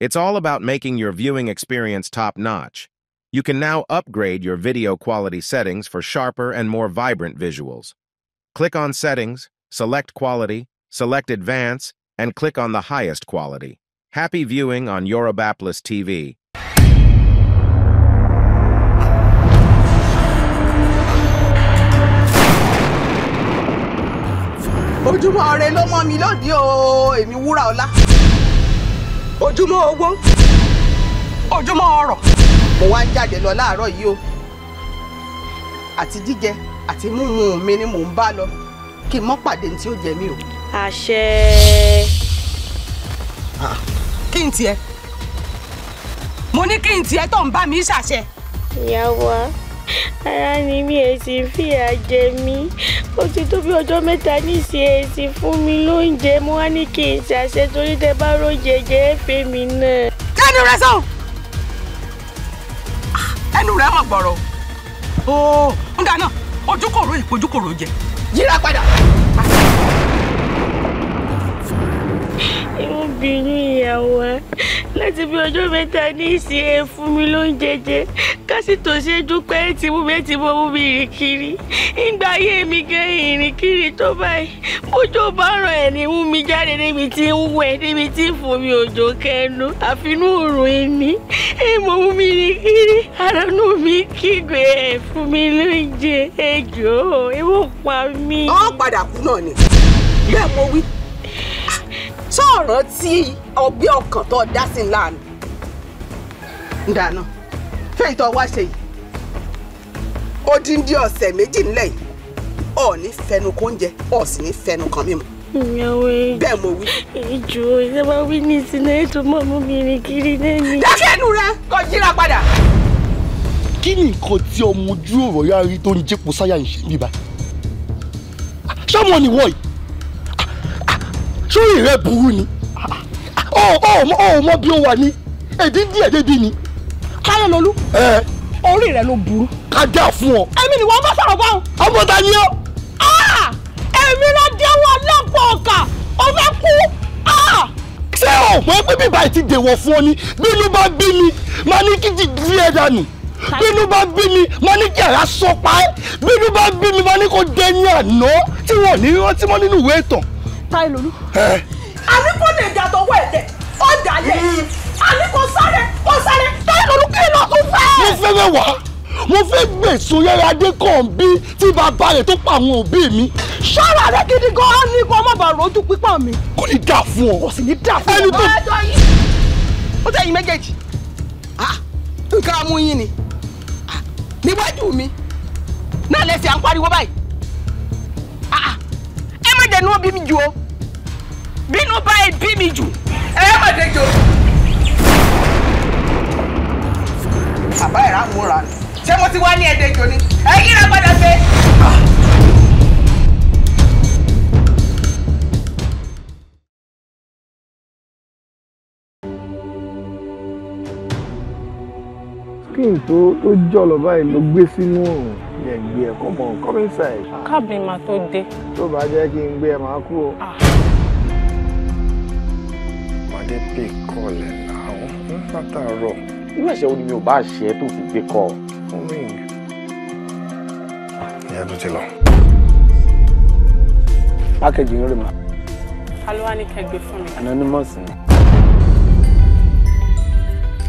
It's all about making your viewing experience top-notch. You can now upgrade your video quality settings for sharper and more vibrant visuals. Click on Settings, select Quality, select Advance, and click on the highest quality. Happy viewing on Yorubapolis TV. ló mọ́ mi o èmi wúrà ọlá. ojúmọ́ owó ojúmọ́ ọrọ̀ mo wá ń jáde lọ láàárọ̀ yìí o àti jíjẹ àti mímu mi ni mò ń bá lọ kí n mọ́ pàdé tí ó jẹ mí o. àṣẹ. Ah, kí n tiẹ̀ mo ní kí n tiẹ̀ tó ń bá mi ṣàṣẹ. ìyá wa ara ni mi ẹ̀ sì fìyà jẹ mí ó ti tó bí ọjọ́ mẹ́ta níṣẹ́ ẹ̀ sì fún mi lóúnjẹ mo wá ní kí n ṣàṣẹ torí tẹ bá róúnjẹ jẹ ẹ fẹ́ mi náà. lẹ́nu rẹ sàn ẹnu rẹ mọ̀ gbọ̀rọ̀ o ń dáná ojúkòrò ìpojúkòrò jẹ yíra padà. inú bínú ìyàwó ẹ láti bí ọjọ́ mẹ́ta ní ìsìn ẹ fún mi ló ń jẹjẹ kásì tó ṣe dúpẹ́ tí mú mi ti mọ́ mú mi rìn kiri ìgbà ayé mi gan ìrìn kiri tó báyìí bójú bá ràn ẹ̀ ní mú mi jáde níbi tí ń wẹ̀ níbi tí ń fò mi òjò kẹnu àfinú òrùn ẹni èèmọ̀ mú mi rìn kiri àránú mi kígbe ẹ̀ fún mi ló ń jẹ ẹjọ́ ẹ wò pa mí. ó padà kú náà ni bẹ́ẹ̀ mo wí sọ̀rọ̀ tí ọgbẹ́ ọkàn tó dá sí ńlá ni. ǹdàná fẹ́yìí tó wá ṣe yìí odindi ọ̀sẹ̀ méjì ńlẹ̀ yìí ọ̀ ní fẹnu kó ń jẹ ọ̀ sì ní fẹnu kan mímu. bẹ́ẹ̀ mo wí. ìjò ṣé wàá wí ní ìsinmi ètò mọ́ mi rìn kiri lẹ́nu. dákẹ́ ẹnu rẹ kò yíra padà. kí ni nǹkan tí ọmọ ojú ọ̀rọ̀ yára rí tó ń jẹ́pọ̀ sáyà ń ṣe níbà? ṣé ọmọ sórí rẹ burú ni ọ ọ mọ bí ó wà ní èdè díẹ̀ débi ni. káyọ̀ lolú orí rẹ ló burú. ká dá fún ọ. èmi ni wọn bá sọ̀rọ̀ báwọn. ọmọ ta ni ọ. èmi ló dẹ́wọ́ lọ́pọ̀ ọ̀kà ó fẹ́ kú. ṣé o mọ̀ pé bíbá yìí ti dèwọ̀ fún ọ ni bínú bá bí mi máa ní kí ti di ẹ̀ dànù bínú bá bí mi máa ní kí ara sọ pa ẹ́ bínú bá bí mi máa ní kó dẹ́yìn àná tí wọ́n ní rántí mọ́ nínú ìwé ìtàn táyé lolú. àní kò lè jà tọwọ́ ẹ̀ dẹ̀ ó dalẹ̀ mm. àní kò sáré kò sáré táyé lolú kí ló tún fẹ́. mo fẹ́ fẹ́ wá mo fẹ́ gbẹ̀sùn yẹra adékọ̀ọ́bí tí bàbá rẹ̀ tó pa àwọn òbí mi. ṣọ́ra rẹ gidi gan-an ni kó má bàa rojú pípọ̀ mi. kò ní dà fún ọ. kò sì ní dà fún ọ. ẹni tó ó tẹ̀yìn méjèèjì ah, nǹkan amúyín ni ah, níwájú mi náà lè fi à ń pariwo báyìí. Ah, sɛ ne obi mdwo bi no ba ebi mi dwo ɛyɛ ma de dwo. àbá ìrà múra ṣé mo ti wá ní ẹ̀ẹ́dẹ́jọ ni ẹ̀yin rẹ̀ padà fẹ́. Ah. skin tó tó jọlọ báyìí ló gbé sínú òrùn yẹn gbé ẹ kọ́ mọ̀ come inside. káàbì máa tó dé. tó bá jẹ́ kí n gbé ẹ máa kú o. Ah. pàdé pé kọ́ọ̀lẹ̀ náà látàárọ̀. irú ẹ̀ṣẹ̀ wo ni mi ò bá ṣe é tó fi gbé kọ́ ọ. ìyá tó ti lọ. pákẹ́jì ń rè mà. alúwa ní kẹgbẹ́ fún mi. anonymous ni.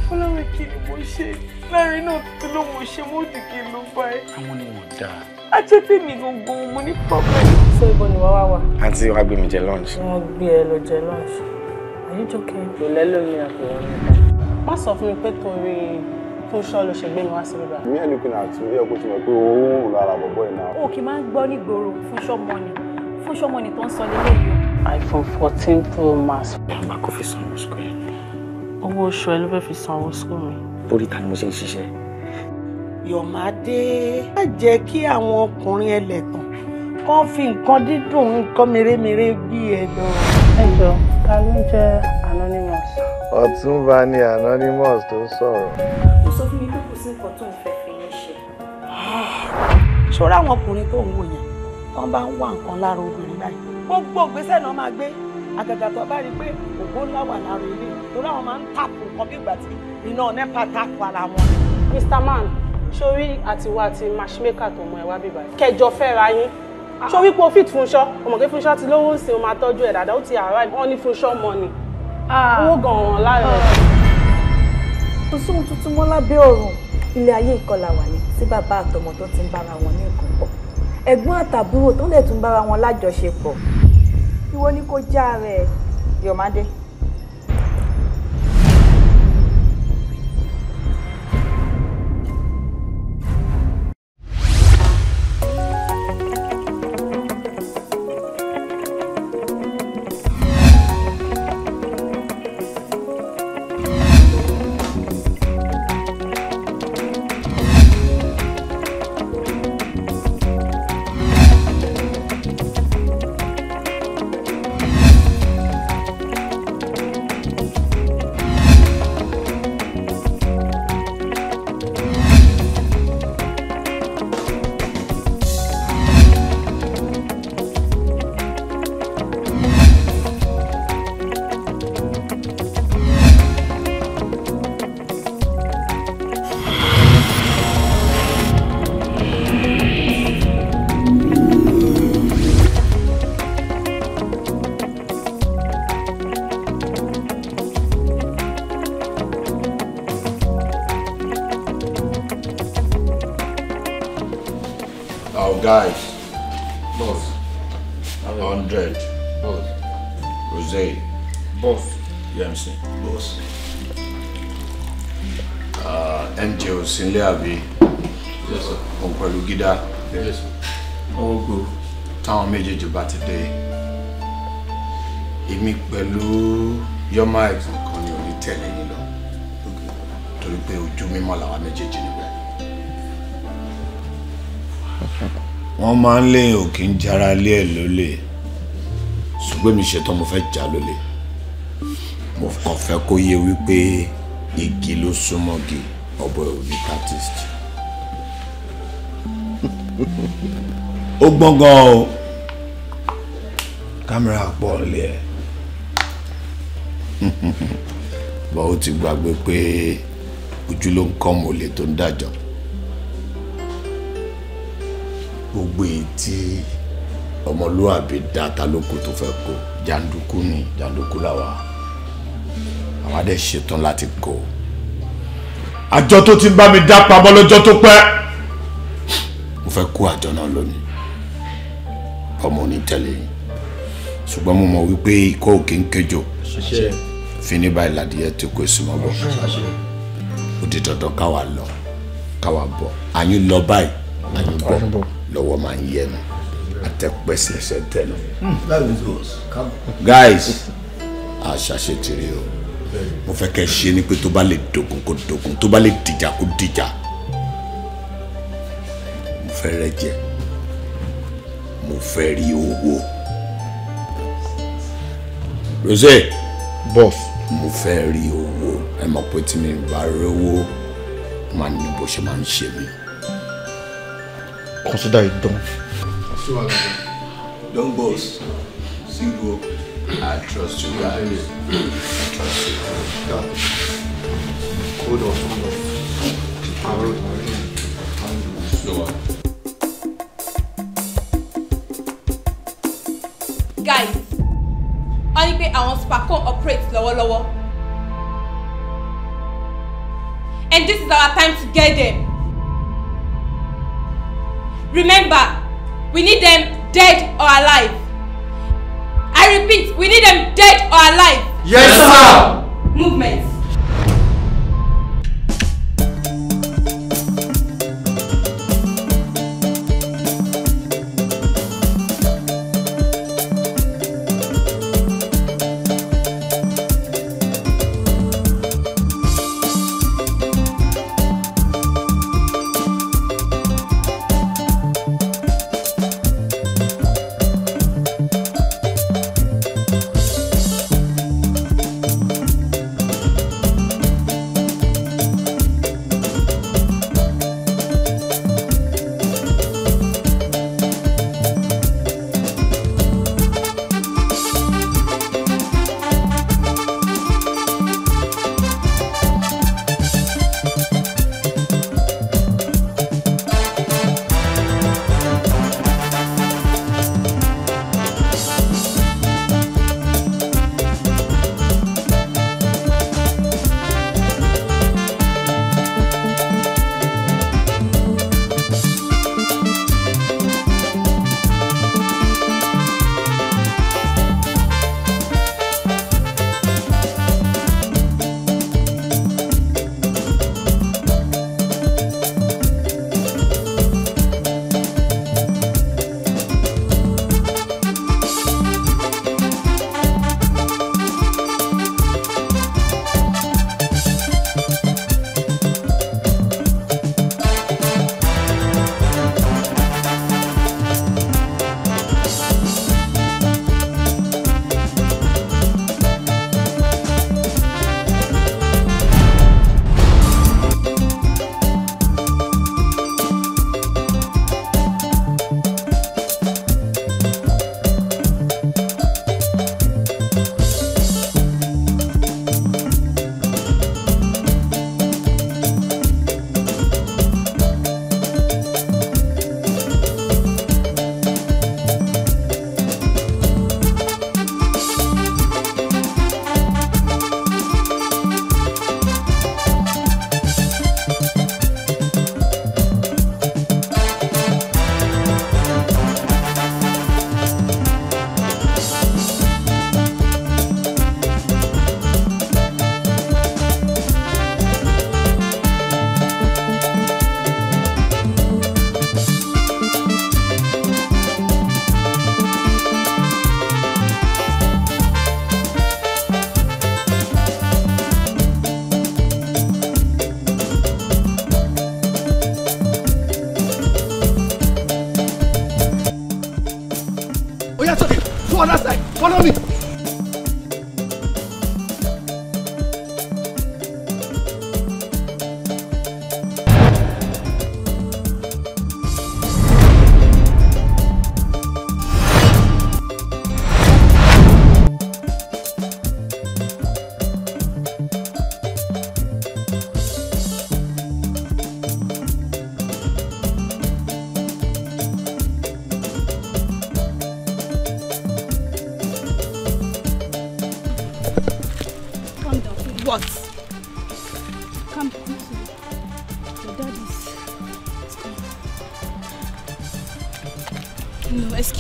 fọlọ́wẹ́ kí ni mo ṣe láàrin náà tó ló mo ṣe mọ́ọ̀dì kí n ló bá ẹ. àwọn ni mo dà. a jẹ́ pé mi gangan mo ní problem. ṣé ibo ni wàá wá wà. àǹtí wàá gbé mi jẹ lunch. wọ́n gbé ẹ lọ jẹ lunch. àyíjọ kẹ́ kò lẹ́lómi àpòwọ́n mi. má sọ fún mi pé torí tó ṣọ́ ló ṣe gbé mi wá sí ibà. mi ẹ̀ ní kí n àti ilé ọkọ̀ ti mọ̀ pé òun ò lára bọ̀bọ̀ ẹ̀ náà. o kì í máa ń gbọ́ nígboro fún ṣọ́mọ́ni iPhone fourteen pro max. àgbà kò fi sanwó sukùl yẹn. owó oṣù ẹ ló fẹ́ fi sanwó sukùl mi torí ta ni mo ṣe ń ṣiṣẹ́. Yọ̀mádé má jẹ́ kí àwọn ọkùnrin ẹlẹ́tàn kán fi nǹkan dídùn nǹkan mèremère bí ẹ lọ. ẹ jọ ta ló ń jẹ anonymous. Ọ̀túnba ni anonymous tó sọ̀rọ̀. ó sọ fún mi pé kò sí nǹkan tó ń fẹ́ fi yín ṣe. Ah, ṣọ́ra àwọn ọkùnrin tó ń wò yẹn wọ́n bá ń wá nǹkan lára obìnrin báyìí gbogbo ìgbésẹ̀ náà máa gbé àgàgà tó bá rí i pé ògbó ńlá wà lára ilé torí àwọn máa ń tàpù nǹkan bí ìgbà tí iná nepa tako ara wọn. Mr. Man sórí àtiwá àti matchmaker tó mọ ẹ wá bíbá yìí kẹjọ fẹ́ra yín ah. sórí pé o fit Fúnṣọ́ ọmọ kí Fúnṣọ́ ti lówó ń sin o máa tọ́jú ẹ̀ dáadáa ó ti arrive wọ́n ní Fúnṣọ́ mọ́ni ah. owó gan-an lára ah. ẹ̀. kò sóhun tuntun mọ́ lábẹ́ ọ̀run ilé ayé ìkọlà wà ní tí bàbá àtọmọ tó ti ń bára wọn ní nǹkan pọ̀ ẹ̀gbọ́n àtàbúrò tó lè tún bára wọn lájọṣepọ̀ ìwọ ni kò já rẹ̀ Yọ̀mádé. ń léyìn ò kì í jara lé ẹ̀ lólè ṣùgbọ́n mi ṣetán mo fẹ́ jà lólè mo kàn fẹ́ kó yé wípé igi ló súnmọ́gi ọ̀bọ òní artist. ó gbọ́ngàn o kámẹ́rà pọ̀ lé ẹ̀ bọ́ ó ti gbàgbé pé ojú ló ń kọ́ mọ̀lẹ́ tó ń dàjọ́. tí ọmọlúwàbí dáta lóko tó fẹ́ kó jàǹdùkú ni jàǹdùkú làwà àwọn adé ṣetán láti kó àjọ tó ti bá mi dá pamọ́ lọ́jọ́ tó pẹ́ mo fẹ́ kó àjọ náà lónìí ọmọ onítẹ̀lẹ̀ ṣùgbọ́n mo mọ̀ wípé ikọ́ òkè ń kẹjọ fini báyìí ládìyẹ tó kó èso mọ́ bọ̀ ó di dandan káwa lọ káwa bọ̀ àyín lọ báyìí àyín bọ̀ lọ́wọ́ máa ń yẹnu àtẹ̀pẹ́sẹ̀sẹ̀ tẹ̀lú. guys àṣàṣetìrì o mo fẹ́ kẹ́ ẹ ṣe ni pé tó bá lè dogun kó dogun tó bá lè dìjà kó dìjà mo fẹ́ rẹ jẹ mo fẹ́ rí owó rosé boss mo fẹ́ rí owó ẹ mọ̀ pé tí mi bá rówó máa ní bó ṣe máa ń ṣe mí consider it done. Swallow. Don boss, single. I trust you guys. I trust you guys. Code of honor. I wrote my name. Guys, wọ́n ní pé àwọn sparkle operate lọ́wọ́lọ́wọ́. And this is our time to get them. Remember, we need them dead or alive. I repeat, we need them dead or alive. Yes, sir. Movement.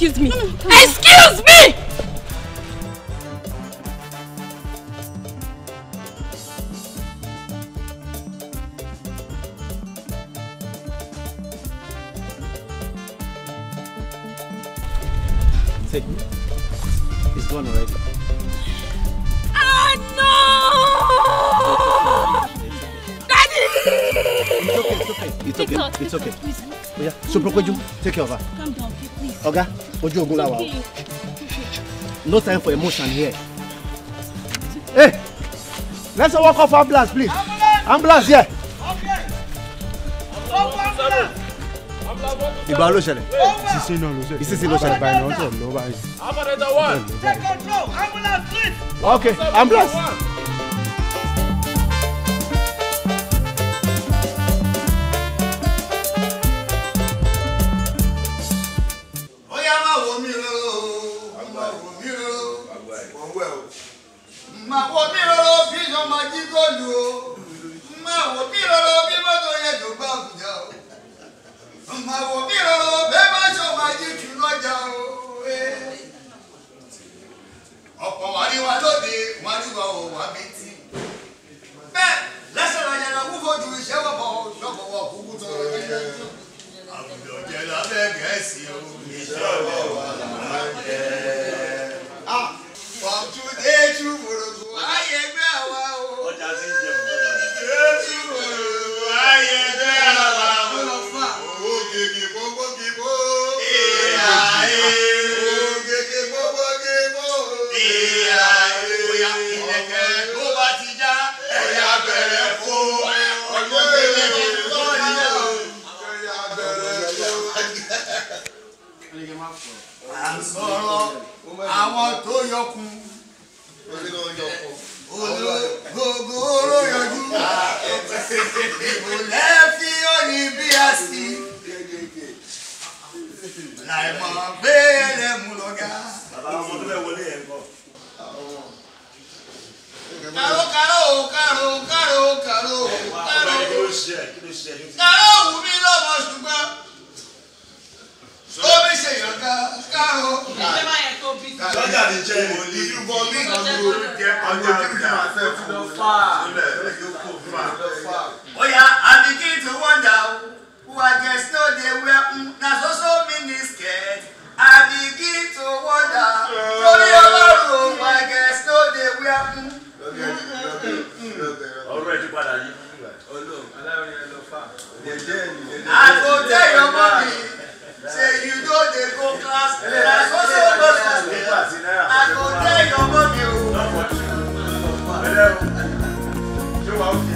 Excuse me. No, no, ojú ogun la no time for emotion here hey let's all work off ambulance please ambulance here. ìgbà ló ṣẹlẹ̀ ìsinsìn náà ló ṣẹlẹ̀ ìsinsìn ló ṣẹlẹ̀ báyìí náà ó sọ̀rọ̀ lọ́wọ́ báyìí. okay ambulance. ṣẹlẹ̀ kí ló ṣẹlẹ̀ yóò ti. ẹ̀rọ òwú mi lọ́mọ ṣùgbọ́n ó mi ṣe ìyọ̀ká káàró. lọ́jà lè jẹ́ ìdúbọ ní ìlú jẹ́ ọjà ọjà sílẹ̀ yókù fà. oya I begin to wonder who I just know dey wear mm, na so so mini skirt. I begin to wonder torí ọlọ́run who I just know dey wear. ọ̀rọ̀ ẹ̀ ti padà yìí. I go tell your mommy, say you don't they go class. I go tell your mommy, I go tell your mommy.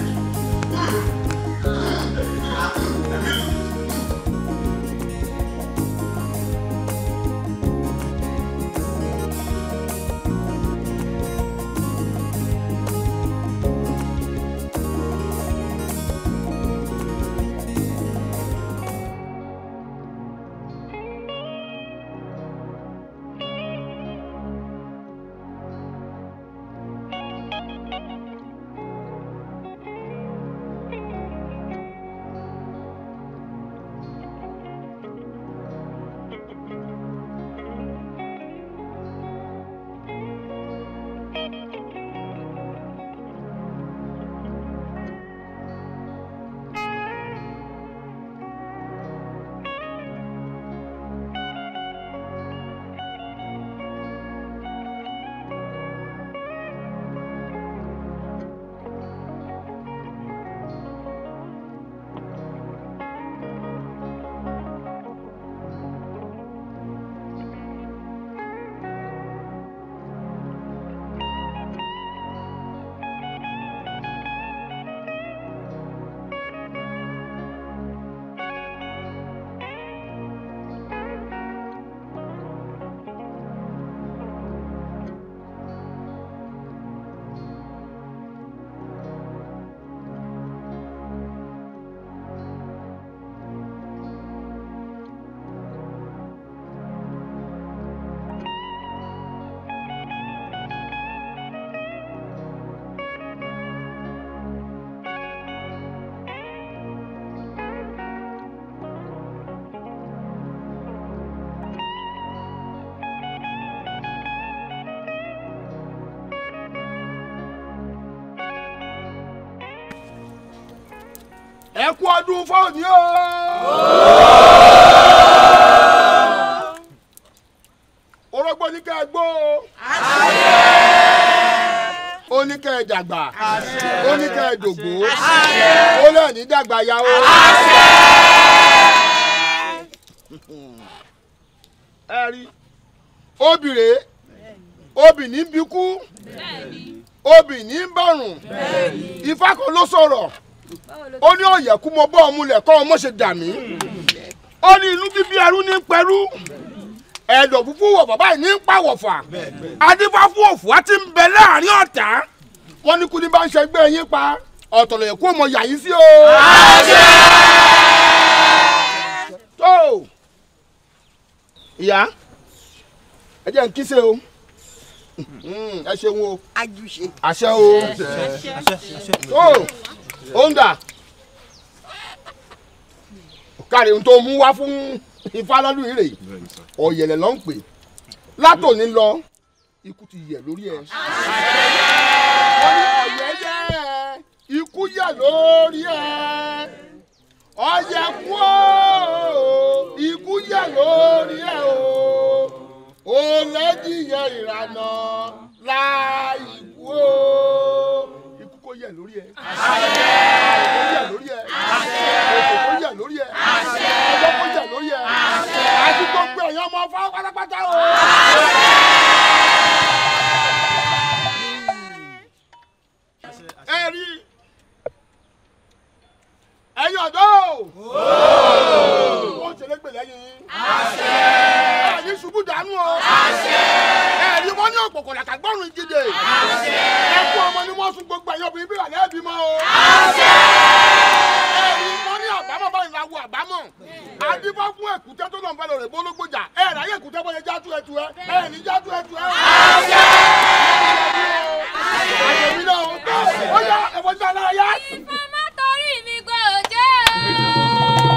ẹ kú ọdún fóònù o. orógbó ní kẹ́ ẹ gbó o. ó ní kẹ́ ẹ dàgbà ó ní kẹ́ ẹ dògbó ó lè ní dàgbà ya o. ẹ rí obìnrin obìnrin bí kú obìnrin bọ̀rùn ifá ló sọ̀rọ̀ ó ní ọ̀yẹ̀ kú mo bọ́ ọmú lẹ̀ kọ́ ọmọ ṣe dà mí ó ní inú bíbí ẹrú ní pẹrú ẹ̀dọ̀ fúfú wọ̀ bàbá yìí ní pàwọ̀fà adífáfú òfò á ti ń bẹ láàrin ọ̀tá wọ́n ní kú ní bá ń ṣẹgbẹ́ yín pa ọ̀tọ̀lọ̀ yẹ̀kú ọmọ yà yín sí o. àṣẹ. tó ìyá ẹ jẹ́ n kí ṣe o ẹ ṣeun o àṣẹ o tó ó ń dà kárí ohun tó mú wá fún ifá lọ́dún yìí rèé ọ̀yẹ̀lẹ̀ ló ń pè látòní lọ ikú ti yẹ̀ lórí ẹ. ọ̀yẹ̀ yẹ ikú yẹ̀ lórí ẹ ọ̀yẹ̀ kú ó ikú yẹ̀ lórí ẹ o ò lẹ́jìyẹ ìrànà láì kú ó yẹ lórí ẹ. àṣẹ. òkò kó yẹ lórí ẹ. àṣẹ. òkò kó yẹ lórí ẹ. àṣẹ. ọjọ́ kó yẹ lórí ẹ. àṣẹ. àti gbogbo ẹ̀yàn ọmọ fáwọn pátápátá o. àṣẹ. ẹ̀yin ọ̀dọ́ o ó ṣeré gbèlè yín àṣẹ ẹ̀yin ṣubú dànù o àṣẹ ẹ̀rí wọn ní òpòkòlà kàgbọ́rùn ìjìdè àṣẹ ẹ̀kú ọmọ ni wọ́n sun gbogbo ẹ̀yọ́ bíi bílà lẹ́ẹ̀bí mọ́ o àṣẹ ẹ̀rí wọn ní àbámọ̀ báyìí la wo àbámọ̀ adífá fún ẹ̀kútẹ́ tó lọ́n fẹ́lẹ̀ rẹ̀ bó lógbòjà ẹ̀ ráyè ẹ̀kútẹ́ bọ́ yẹ játú ẹtú ẹ ẹ̀ ní ẹ. àṣẹ àṣẹ mi náà ó yá ẹ̀fọ́ sí alára yá.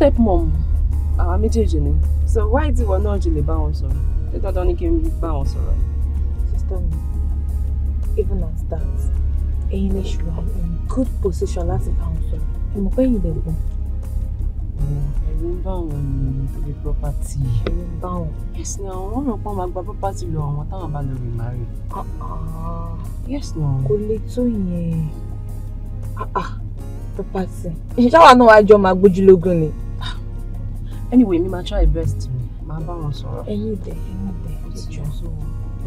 step mom àwa méjèèjì ni so why tí ìwọ náà jì lè bá wọn sọ̀rọ̀ ṣé dandan ni kí n bá wọn sọ̀rọ̀ ni. sista even as that ẹ̀yin lè ṣùgbọ́n in good position láti bá wọn sọ̀rọ̀ ẹ mọ̀ pé ẹ̀yin lè gbọ́n. ẹ̀rù ń bá wọn ní nítorí property. ẹ̀rù ń bá wọn. yes na wọn rò pé wọn máa gba property lọ àwọn táwọn bá lọ rè má rè. yes na. kò lè tó yẹn uh-uh. property. ìṣáwá náà wàá jọ máa gbójúlógún ni anyway me máa try best My bá wọn sọ̀rọ̀. ẹyin ìdẹ ẹyin ìdẹ ìjọ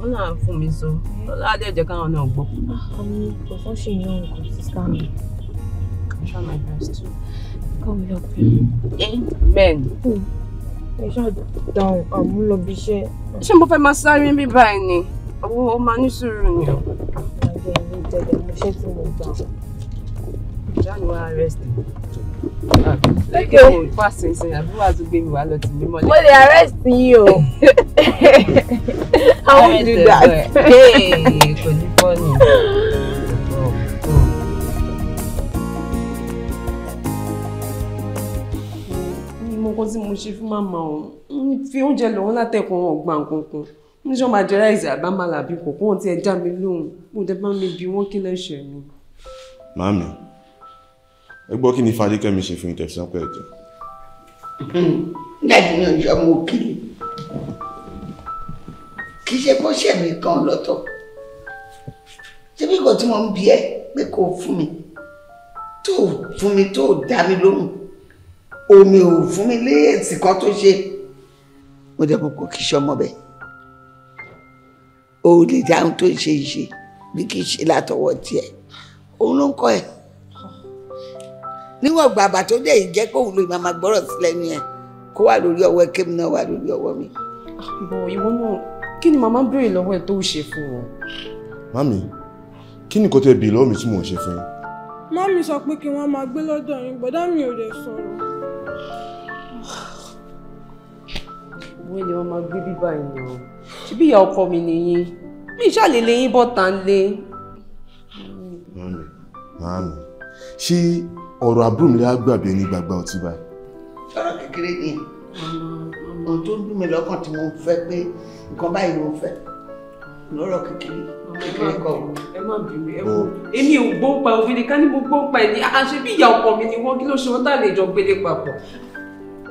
wọn náà fún mi sọ lọ́la adé ẹ̀jẹ̀ káwọn náà gbọ́. àmì ìgbọ̀nsán I'm yan nǹkan sísá mi. I try my best to come help you. amen. ẹ ṣáà dáhùn àmúlọbí iṣẹ́. ṣé mo fẹ́ máa sáré bí báyìí ni owó ó máa ní sùúrù ni o. àgbẹ̀ mi jẹ̀dẹ̀ mo ṣẹ́ tí mo gbà. ìyá ni wàá rẹ̀ sí i lẹ́kẹ̀ ò mo lè arrest you. How I do that. kò ní fọ́ọ̀nù. mo kọ́ tí mo ṣe fún màmá òun fi oúnjẹ lòun látẹ̀kùn ọ̀gbà kankan níṣọ́ máa jẹ́ ráìsì àbámalà àbí kòkó wọn tí mi lóhùn mo dẹ́ bá mi bí wọ́n kí lẹ́sẹ̀ mi. màámi ẹ gbọ́ kí ni fadékẹ́mi ṣe fún ìtẹ̀sán pẹ́ ẹ̀jẹ̀. dájú ní ọjọ́ mo kiri kì í ṣe kó ṣẹ̀ mí kan lọ́tọ̀ ṣébí kò tí mo ń bi ẹ́ pé kò fún mi tó fún mi tó dá mi lóhùn omi ò fún mi léèsì kan tó ṣe mo dẹ̀ mọ̀ kò kì í ṣe ọmọ bẹ́ẹ̀ o lè dáhùn tó ṣe ìṣe bí kì í ṣe látọwọ́ tiẹ̀ òun ló ń kọ́ ẹ̀ níwọ̀n gbàgbà tó dẹ̀ yìí jẹ́ kóhùn lóyún máa gbọ́rọ̀ sílẹ̀ ni ẹ̀ kó wà lórí ọwọ́ ẹ̀ kémi náà wà lórí ọwọ́ mi. bọ̀ ìwọ náà kí ni màmá béèrè lọ́wọ́ ẹ tó ṣe fún ọ. mami kí ni kò tẹ bì lọ́wọ́ mi tí mò ń ṣe fún yín. mami sọ pé kí wọ́n máa gbé lọ́dọ̀ yín bọ̀dá mi ò dẹ̀ sọ̀rọ̀. wọ́n ni wọ́n máa gbé bíbá ìyàn ṣebí ìyá ọkọ mi nìyí mi ìṣàlèlè yín bọ́ta ń lé. mami mami ṣé ọ̀rọ̀ àbúrò mi á gbàgbé ní gbàgbà ọtí báyìí. sọ̀rọ̀ kékeré ni ohun tó dùn mí lọ́kàn tí mo fẹ́ pé nǹkan báyìí mo fẹ́ lọ́rọ̀ kékeré kékeré kọ́. ẹ má bínú ẹ wò èmi ò gbọ́ pa òfin nìkan ni mo gbọ́ pa ẹ̀ ní àṣẹ bí ìyá ọkọ mi ni wọ́n kí ló ṣe wọ́n tà lè jọ gbélé papọ̀.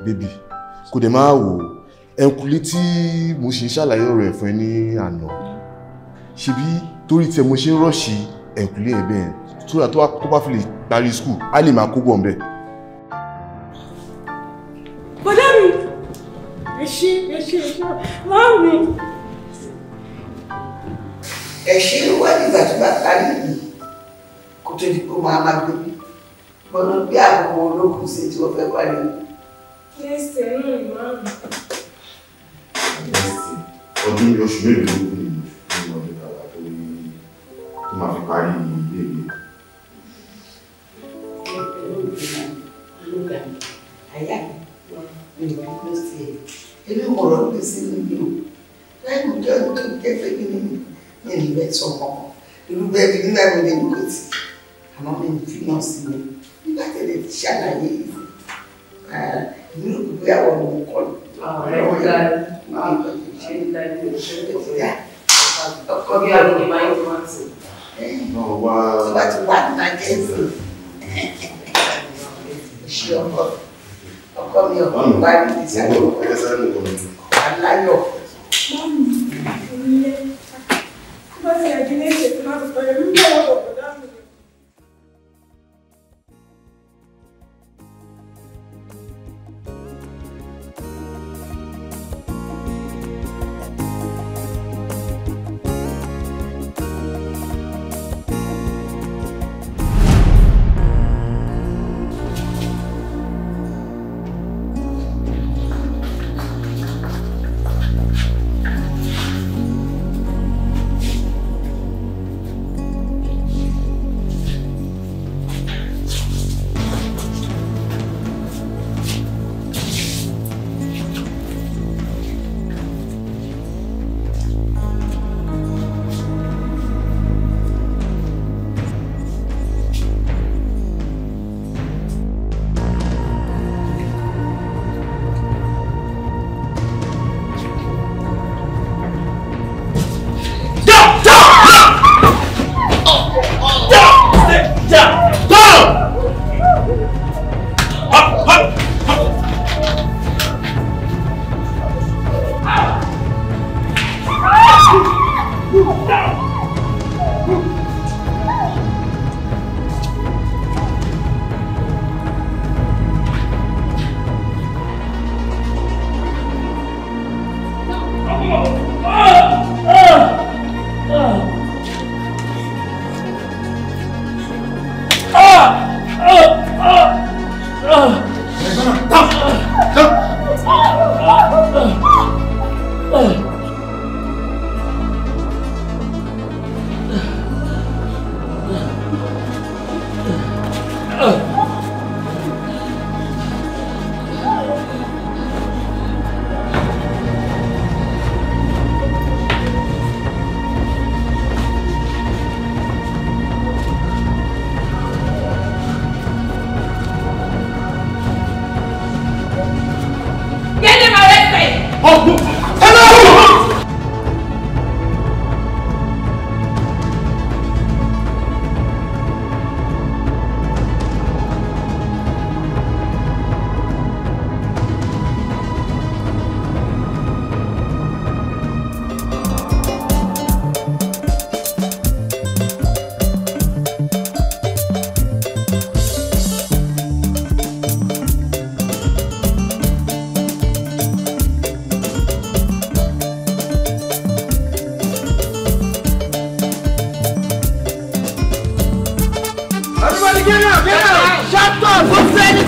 bébì kò dé máa wò ẹnkulé tí mo ṣe ṣàlàyé ọ̀rọ̀ ẹ̀ fún ẹ ní àná ṣebí torí tẹ mo ṣe ń rọ̀ṣì ẹnkulé ẹ bẹ́ẹ̀ so that tó bá fi lè parí school á lè máa kógbọ̀n bẹ́ẹ̀. bọ́dá mi ẹ ṣe ẹ ṣe ẹ ṣe máa mi. ẹ ṣe wá nígbà tó bá parí ìlú kó tó di pé máa máa gbé gbọ́dọ̀ bí àkókò olókùn ṣe tí wọ́n fẹ́ wá lẹ́yìn. ẹsẹ̀ náà máa mi. ọdún oṣù mélòó ló ń bọ̀ nígbà tó máa fi parí yìí. ọ̀dà àyà mi ò bí lọ sí ẹ̀ ebi mọ̀rọ̀ bí sí mi o láì mú jọ tó jẹ́ pé kí ni mi ò bẹ̀ sọ ọkọ̀ irúgbẹ́ mi nígbà mi lè mú kò sí àmọ́ mi ò fi náà sí mi nígbà tẹ̀lé ti ṣàlàyé ìlú ìgbé àwọn ọmọ kọ́ lọ́wọ́ yẹn ọkọ bí àwọn ìgbìmọ̀ ayé wọn ti. ọ̀wá tó bá ti wà ní nàìjíríà ṣe ọkọ ọkọ mi ọkọ mi bá mi ti sáré aláyọ̀. Mọ́mí, ilé, bá ti àjẹ́ ní ìṣètò náà tó tọ́jú, ń bọ̀ wọ́pọ̀.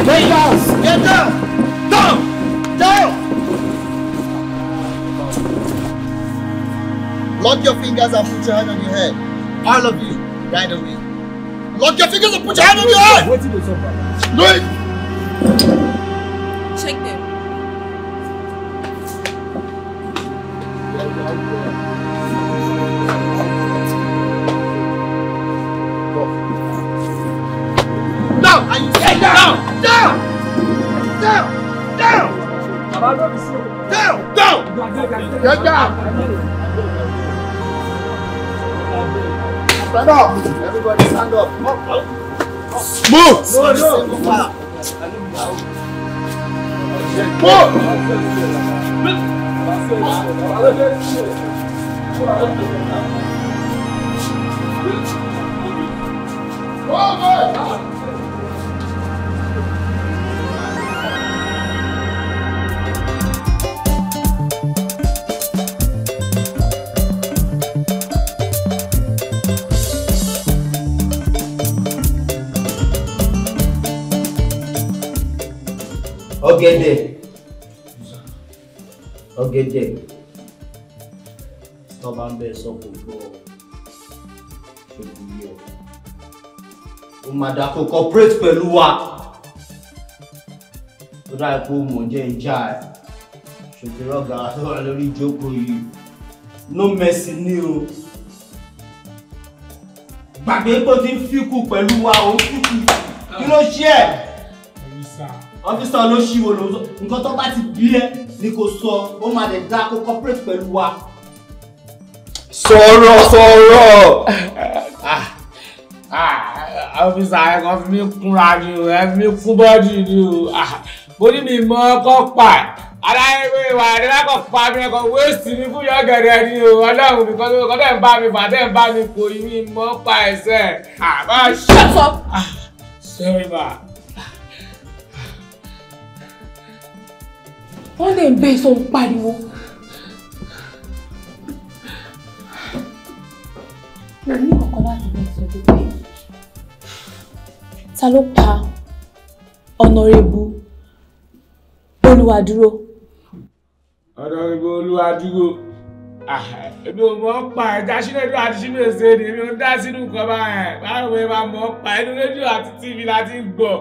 Get down! Get down! Down! Down! Lock your fingers and put your hand on your head. All of you, right away. Lock your fingers and put your hand on your head! Wait till Do it! Check them. jẹjà. Stand up. Everybody stand up. Move. No, no. Move. Move. Move. ọ̀gẹ̀dẹ̀ ọ̀gẹ̀dẹ̀ tó bá ń bẹ sọ kò gbọ́ ṣègùn yìí o ó máa dà kó cooperate pẹ̀lú wa tó dáa kó mọ̀ jẹ́ ìjà ẹ̀ ṣòkèrè ọ̀gá tó wà lórí ìjókòó yìí no mercy ni o gbàgbé pé o ti ń fíkù pẹ̀lú wa o ń fíkù kí ló ṣe ẹ̀ ọ́fíìsà olóṣìwò ló nǹkan tó bá ti bí ẹ ni kò sọ ó máa lè dá kó cooperate pẹ̀lú wa. sọ̀rọ̀ sọ̀rọ̀ ọ́fíìsà ah, ah, ẹ̀kan fi mí kúnra ni o ẹ̀ fi mí kún bọ́ọ̀dì ni o ah, mo ní mi mọ ọkọ̀ pa aláìwé ìwà àdínlákọ̀ pa mi ẹ̀kọ́ wéèsì mi fún yọ̀gẹ̀rẹ̀ ni o ọlọ́run nìkan tó kọ́ ń bá mi fà ń bá mi kò yí mi mọ́ pa ẹ̀sẹ̀ àbá ṣe. sọ́ọ̀tọ̀. wọ́n lè bẹ́ sọ ń pariwo. mo ní ọ̀kan láti bẹ́ẹ̀ sọ pé ta ló pa ọ̀nàrẹ́bù Olúwadúró. ọ̀nàrẹ́bù Olúwadúró. Ah, èmi ò mọ̀ pa ẹja sínú ẹjọ́ àti sínú èsè ni èmi ò dá sínú nǹkan bá ẹ̀ báwo ni màá mọ̀ pa inú rédíò àti tv la ti ń gbọ́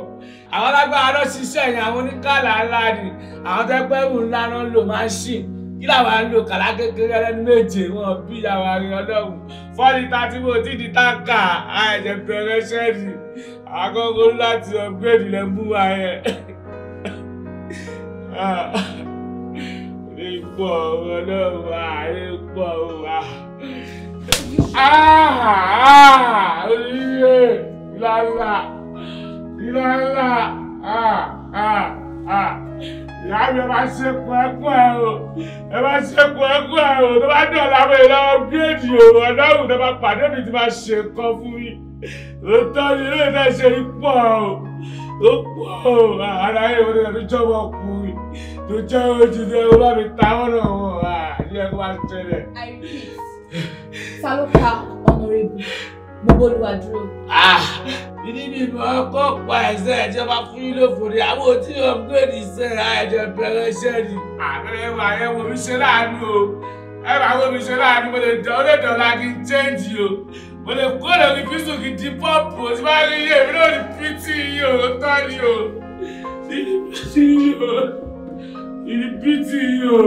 àwọn lágbára lọ ṣiṣẹ́ yẹn àwọn oníkàlà ńlá ni àwọn tẹ́pẹ́ wù ńlá náà ń lò máṣíìn kí làwọn ń lò kàlá kékeré lẹ́nu méje wọn bí àwọn arìn ọlọ́run fọ́nìta tí mo ti di táǹkà àìjẹ́ bẹ̀rẹ̀ ṣẹ́ẹ̀dì àkọ́kọ́ láti ọgbẹ́ni lẹ́ mú wa yẹn. Ah pọ̀ ọlọ́run ààrẹ pọ̀ wá. oríire lọ́la lọ́la ìyá mi ẹ máa ṣe kún ẹkún ẹ o ẹ máa ṣe kún ẹkún ẹ o tó bá dùn láwọn ìlọ́wọ́ bíèdì o ọlọ́run tó bá pàdé mi ti máa ṣe nǹkan fún mi òótọ́ ni ilé ìdáṣe yìí pọ̀ ó pọ̀ o àárẹ̀ ayé ìwé ni ẹ̀mí jọ́wọ́ kú tó jẹ́ ojú tí ẹ̀rọ bá mi ta wọ́n náà wọ́n wá ní ẹ̀kọ́ bá tẹ̀lẹ̀. I repeat, Saloka Honorable Gbogbolúwadúró. Ìdíbi ìmọ̀ ọkọ̀ pa ẹ̀sẹ̀ ẹ̀jẹ̀ bá fún yín lófòrè àwọn òtí ọ̀gbẹ́ni iṣẹ́ ẹ̀jẹ̀ bẹ̀rẹ̀ iṣẹ́ ni. Àbẹ̀rẹ̀ wà ẹ̀ wò mí ṣe láàánú o. Ẹ bá wò mí ṣe láàánú mo lè dán ó lè dán láti chẹ́ǹjì o. Mo lè kó lórí fíṣù kì di pọ́ọ̀pù tí wọ́n á rí iye mi lórí pítì yìí o tọ́ ni o? ìdí bíìtì yìí o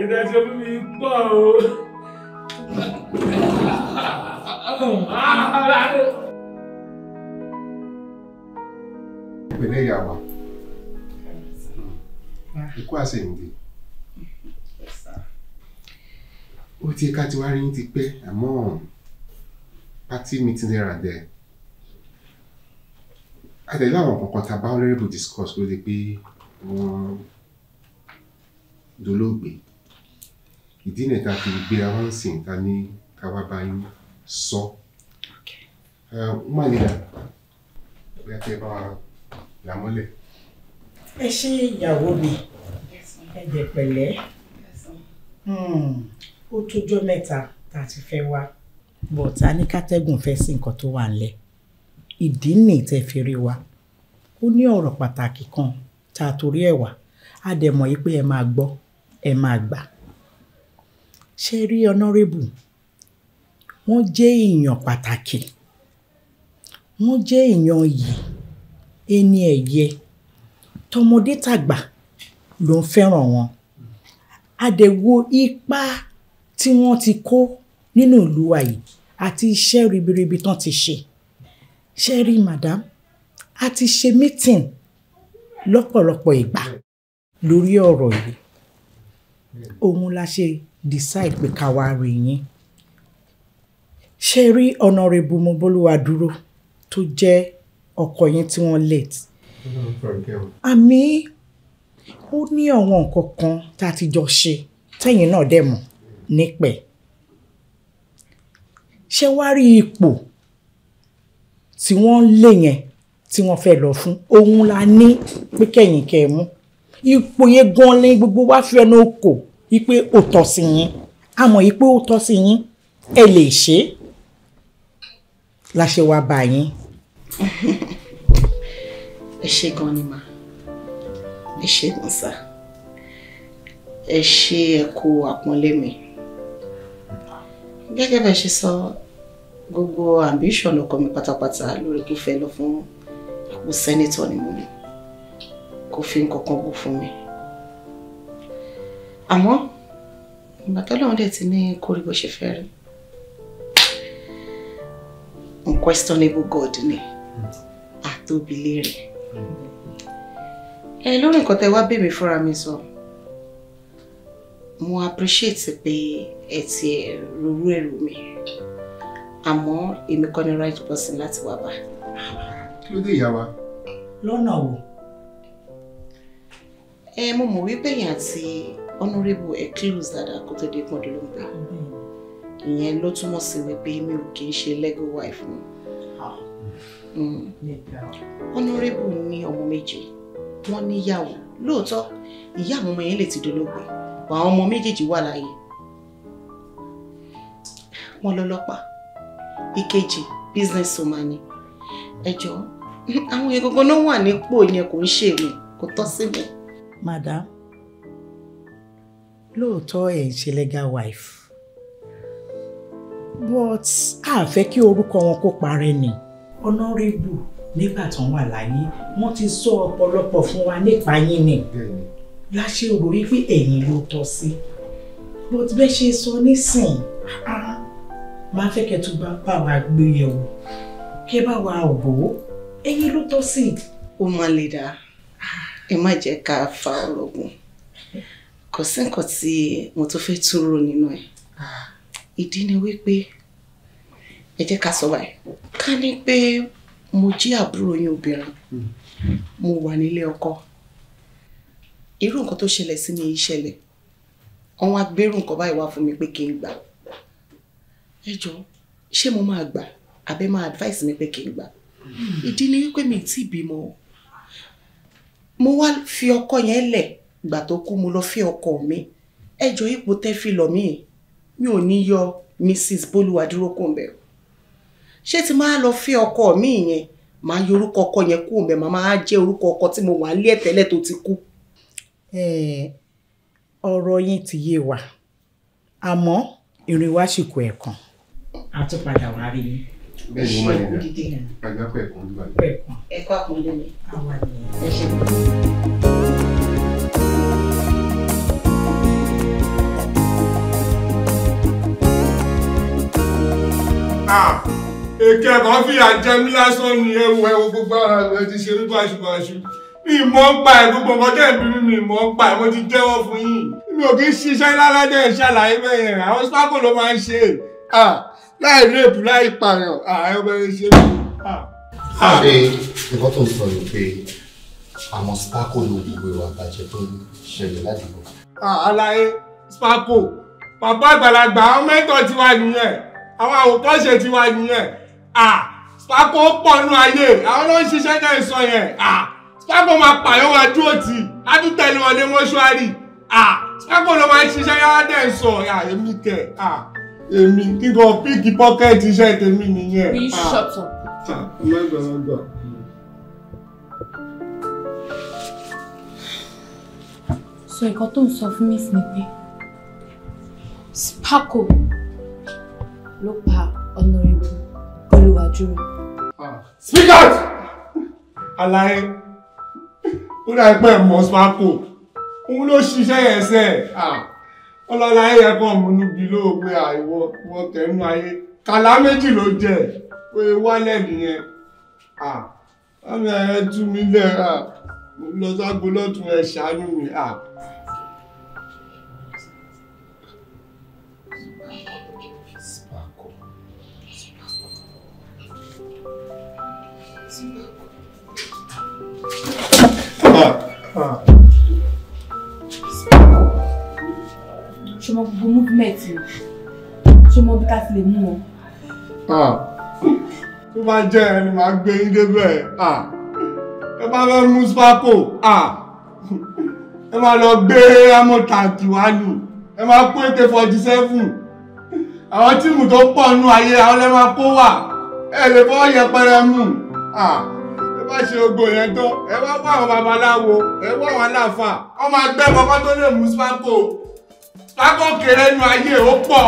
ìdájọ́ fún mi pọ̀ o. ìpínlẹ̀ ìyá wa ikú àṣẹyìndì ó ti ká ti wá rí ti pẹ́ àmọ́ party meeting there and there àtẹ̀lé àwọn kankan tá a bá honourable discuss ló di pé àwọn dolóògbé ìdí nìta fi gbéra wá ń sìn ká ní ká wá bá yín sọ má nílà bí a fẹ́ bá wa là mọ́lẹ̀. ẹ ṣe ìyàwó mi ẹ pẹ̀lẹ́ hmm, ó tójọ́ mẹ́ta tá a ti fẹ́ wá but a ní kátẹ́gùn fẹ́ sí nǹkan tó wà nílẹ̀ ìdí nìyí tẹ́ wa ó ní ọ̀rọ̀ pàtàkì kan tá a torí ẹ̀ wá a dẹ̀ mọ̀ yìí pé ẹ máa gbọ́ ẹ máa gbà ṣe rí ọ̀nàrẹ́bù wọ́n jẹ́ èèyàn pàtàkì wọ́n jẹ́ èèyàn yìí ẹni ẹ̀yẹ tọmọdé tàgbà ló ń fẹ́ràn wọn a wo ipa tí wọ́n ti kó nínú ìlú wa yìí àti iṣẹ́ ribiribi tán ti ṣe ṣe rí madam a ti ṣe meeting lọ́pọ̀lọpọ̀ ìgbà lórí ọ̀rọ̀ yìí òun la ṣe decide pé ká wá rí yín ṣe rí honourable Moboluwa dúró tó jẹ́ ọkọ yín tí wọ́n late àmì ó ní àwọn nǹkan kan tá a ti jọ ṣe tẹ́yìn náà dẹ̀ mọ̀ nípẹ́ ṣé wá rí ipò tí wọ́n lè yẹn tí wọ́n fẹ́ lọ fún ohun la ní pé kẹ̀yìn kẹ̀ mú ipò yẹn gan lẹ́yìn gbogbo wá fi ẹnu kò wípé ó tọ́ sí yín àmọ́ wípé ó tọ́ sí yín ẹ lè ṣe é la ṣe wá bá yín. ẹ ṣe gan ni mà ẹ ṣe gan sá ẹ ṣe ẹ kó mi gẹ́gẹ́ bẹ́ẹ̀ ṣe sọ gbogbo ambition ọkọ mi pátápátá lórí kífẹ́ lọ fún ipò sẹ́nítọ̀ ni mo ní kò fi nǹkankan bù fún mi àmọ́ ìgbà tọ́lọ́run dẹ̀ ti ní kórè bó ṣe fẹ́ rí unquestionable God ni àtóbi léèrè ẹ lórí nǹkan tẹ wá bèmí fúnra mi sọ mo appreciate pé ẹ ti ẹ rorú ẹrù mi àmọ́ èmi kọ́ ni right person láti wá bá kí ló dé ìyá wa. lọ́nà wo. ẹ mo mọ̀ wípé èèyàn àti honourable ẹ close dáadáa kó tó dé pọ́ndé ló ń pè ìyẹn ló túmọ̀ sí wípé mi ò kì í ṣe legal wife ah. mm. mi. honourable ní ọmọ méje wọ́n níyàwó lóòótọ́ ìyá àwọn ọmọ yẹn lè ti dolóògbé àwọn ọmọ méjèèjì wà láàyè wọ́n lọ́lọ́pàá ìkejì business woman ni ẹ jọ̀ọ́ àwọn egungun ló wà nípò yẹn kò ń ṣe èmi kò tọ́ sí mi. madam lóòótọ́ ẹ̀ ń ṣe legal wife but a fẹ́ kí orúkọ wọn kó parẹ́ ni honourable nígbà tó ń wà láyé wọ́n ti sọ ọ̀pọ̀lọpọ̀ fún wa nípa yín ni láṣẹ rò rí pé ló tọ́ sí but bẹ́ẹ̀ ṣe sọ nísìn máa fẹ́ kẹ́ tó bá bá wa gbé yẹ̀wò kí ẹ bá wa òbò ẹ̀yin ló tọ́ sí. ó máa lè dáa ẹ má jẹ́ ká fa ọlọ́gbọ́n kò sí nǹkan tí mo tún fẹ́ túrò nínú ẹ̀ ìdí ni wípé ẹ jẹ́ ká sọ báyìí ká ní pé mo jí àbúrò yín obìnrin mo wà nílé ọkọ irú nǹkan tó ṣẹlẹ̀ sí mi ṣẹlẹ̀ àwọn agbérù nǹkan báyìí wá fún mi pé kí n gbà ẹ jọ ṣé mo máa gbà abẹ́ máa advice mi pé kí n gbà hmm. ìdí ni wípé mi ti bímọ mo wá fi ọkọ yẹn lẹ̀ gbà tó kú mo lọ fi ọkọ mi ẹjọ́ ipò tẹ́ fi lọ̀ mí mi ò ní yọ Mrs. Bólúwadúrókòǹbẹ̀ ṣé ti máa lọ fi ọkọ mi yẹn máa yọ orúkọ ọkọ yẹn kú òǹbẹ̀ máa máa jẹ́ orúkọ ọkọ tí mo wà ń lé ẹ̀tẹ́lẹ̀ tó ti kú. ọ̀rọ̀ yín ti yé wa àmọ́ ìrìn wa ṣì kù ẹ̀kan. a tún padà wá rí yín bẹ́ẹ̀ ni wọ́n yẹn dẹ̀ agbákọ̀ ẹ̀kọ́ ń gbà. ẹ̀kọ́ àkùnlé mi. ẹ ṣe mọ́. èké ẹ̀kọ́ fìyà jẹ mí lásán ni ẹrù ẹ̀wọ̀ gbogbo ara rẹ̀ ti ṣe ní báṣubàṣu mi ìmọ̀ ń pa ẹ̀ gbogbo ọmọdé ìbínú mi ìmọ̀ ń pa ẹ̀ mo ti jẹ́wọ́ fún yín mi ò kí ń ṣiṣẹ́ lálẹ́ dẹ̀ ṣàlàyé bẹ́ẹ̀ yẹn àwọn sábò ló máa ń ṣe láì rèébù láì pààyàn ààrẹ ọbẹ̀rẹ̀ ṣe mú. ṣé nǹkan tó ń sọ ni pé àwọn sparko ló gbogbo ìwà àbàjẹ́ tó ń ṣẹlẹ̀ ládùúgbò. àlàyé sparko bàbá àgbàlagbà àwọn mẹ́tọ̀ ti wà nìyẹn àwọn àwòkọ́ṣe ti wà nìyẹn sparko pọ̀ nínú ayé àwọn ló ń ṣiṣẹ́ náà sọ yẹn sparko máa pààyàn wá dúró tì á tún tẹ̀lé wọn dé mọ́ṣúárì sparko ló máa ń ṣiṣẹ́ yàrá dẹ̀ sọ èmi kẹ̀ èmi kí n kò píkì pọ́kẹ́ẹ̀tì iṣẹ́ tèmi nìyẹn. we ah. shut up. Ah, mẹ́gbà mẹ́gbà. so nǹkan tó ń sọ fún mi ni pé sparko ló pa ọ̀nàrẹ́bù olùwàjúrò. Ah. speak out alaye ó dàgbẹ́ mọ́ sparko òun ló ṣiṣẹ́ yẹn sẹ́ẹ̀ ọlọ́lá ẹ̀yẹ kan mú níbi ló pé àìwọ ah, wọ tẹ̀nu ayé kàlá méjì ló jẹ pé wálẹ̀ nìyẹn àmì ah, ẹ̀ tú mi lẹ́ra ah, mo lọ ságbo lọ́tún ẹ̀ ṣàánú mi. Ah. ṣọmọ gbogbo movement wọn ṣọmọ bí ká ti lè mú wọn. Ah. tó bá jẹ́ ẹni máa gbé yín débẹ̀ ah. ẹ bá fẹ́ mú sparko ah. ẹ máa lọ gbé amọ̀tàǹtì wá lù ẹ máa kó ak forty seven àwọn tíìmù tó pọ̀ nú ayé àwọn lẹ́ máa kó wà ẹ lè fọwọ́ yẹpẹrẹ mú ẹ bá ṣe ogo yẹn tán ẹ bá wá àwọn babaláwo ẹ wá àwọn aláàfáà wọ́n máa gbẹ́ bọ́kọ́ tó lè mú sparko lákọ̀ọ́kẹrẹ nu ayé ó pọ̀.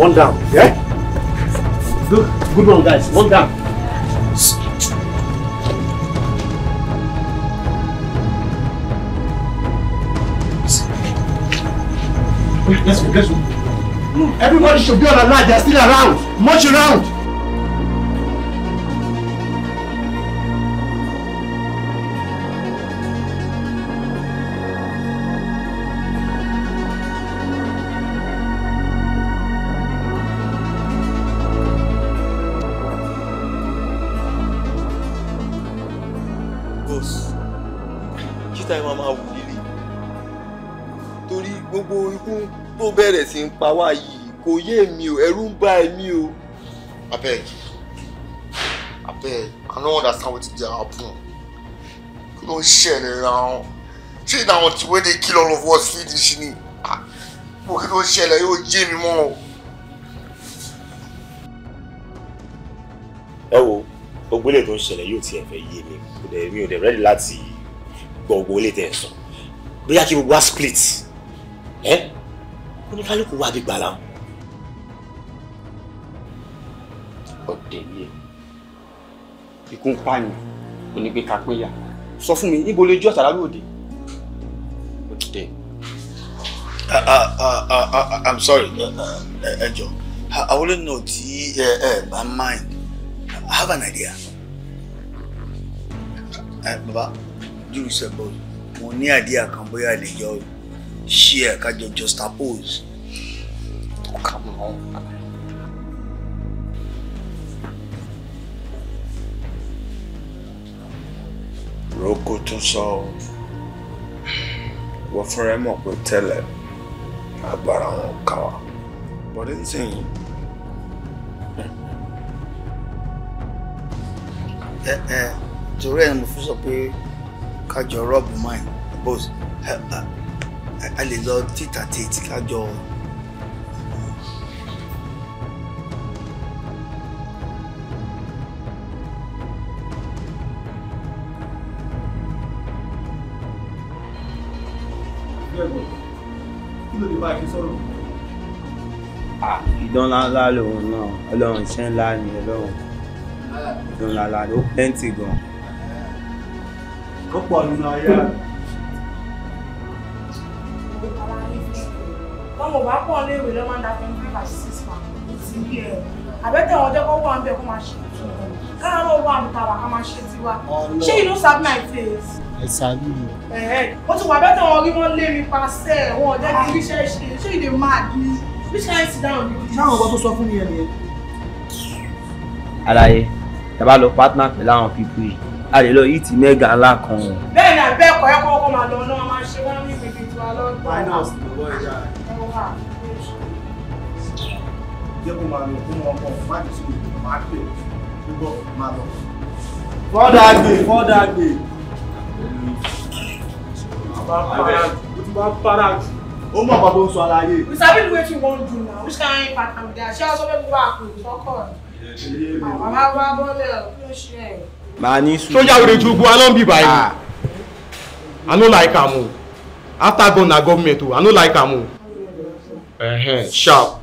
One down. Yeah? Good, good one, guys. One down. Let's go, let's go. Everybody should be on alert. They're still around. March around. pa wá yìí kò yé mi o ẹ̀rù ń bà mí o. abeg abeg i no understand wetin dey happen kí ló share ṣẹlẹ̀ ra wọn ṣé ìdáwọn tí dey kill all of us fit ṣí ni mo ah, kí ló ń ṣẹlẹ̀ yóò jẹ́ mi mọ́ o. ẹ wo gbogbo ilé tó ń ṣẹlẹ̀ yóò tiẹ̀ fẹ́ yé mi mi ò dẹ̀ rẹ́dí láti gbọ́ gbogbo tẹ̀ sọ bóyá kí gbogbo wa split oníkálukú wà bí gbàlà wọn. ọ̀dẹ̀ ni ikú ń pààyàn onígbé kápẹ́yà sọ fún mi níbo lójú ah ah, ah ah ah ah. i'm sorry ẹ jọ àwọn olóyìnbó tí ẹ ẹ bá mind i have an idea. Uh, baba do you research about mo idea àdíyà kan bóyá lè share kájọ juxtapose. Oh, come on. roko tún sọ wọ́n fúnra mọ̀ pé tẹ́lẹ̀ agbára wọn kà wá bọ́dé nísìnyí ẹ ẹ torí ẹ ni mo fi sọ pé kájọ rọ́ọ̀bù mine bó ẹ eh, eh, a lè lọ títà tètè kájọ. ìdán ńláńlá lòun náà ọlọ́run iṣẹ́ ńlá ni ọlọ́run ìdán ńláńlá ló pẹ́ǹtì gan. kọ́pọ̀ nínú ayé rẹ̀. báwo bá pọ̀ léèwé ló máa ń da twenty five àti six pound ti rí ẹ̀ àbẹ́tẹ̀ wọn jẹ́ kó wà ń bẹ̀ kó máa ṣe tiwọn kára náà wà ń tàwa ká máa ṣe tiwa oh, ṣé you no sabi my face. ẹ ṣáájú mi. ẹ ẹ ó ti wà bẹ́tẹ̀ wọn rí wọn lé mi pàṣẹ wọn jẹ́ kí ah. iṣẹ́ ṣe ṣé you dey mad ni which kind sit down you dey. ṣáwọn ọba tó sọ fún mi yẹn nìyẹn. àlàyé ẹ bá lọ partner pẹ̀lú àwọn pípé yìí a lè lọ yìí ti mẹ́gà ńlá kan. bẹ́ẹ̀ ni àbẹ́ẹ̀kọ́ ẹ̀kọ́ ọkọ̀ màá lọ náà máa ṣe wọ́n ní ìpèkìtì wa lọ́dún. minus lọ́wọ́ ìyá rẹ̀. jẹ́ kó máa lọ kó mọ ọkọ̀ má jẹ́ sí òyìnbó máa pè ó gbígbọ́ máa bàbá ó sọ we sabi the way she wan do now which kind part am there ṣé ọsọ fẹ́ẹ́ gbọ́ àpò ìtọ́kọ̀ rẹ̀. bàbá Mama, bọ́lẹ̀ kí ló ṣe ẹ̀. màá ní sùn. sójà rẹ̀ ju gbogbo alọ́ bí báyìí. Ah. I no like am o. After gun na government o, I no like am o. Uh Sharp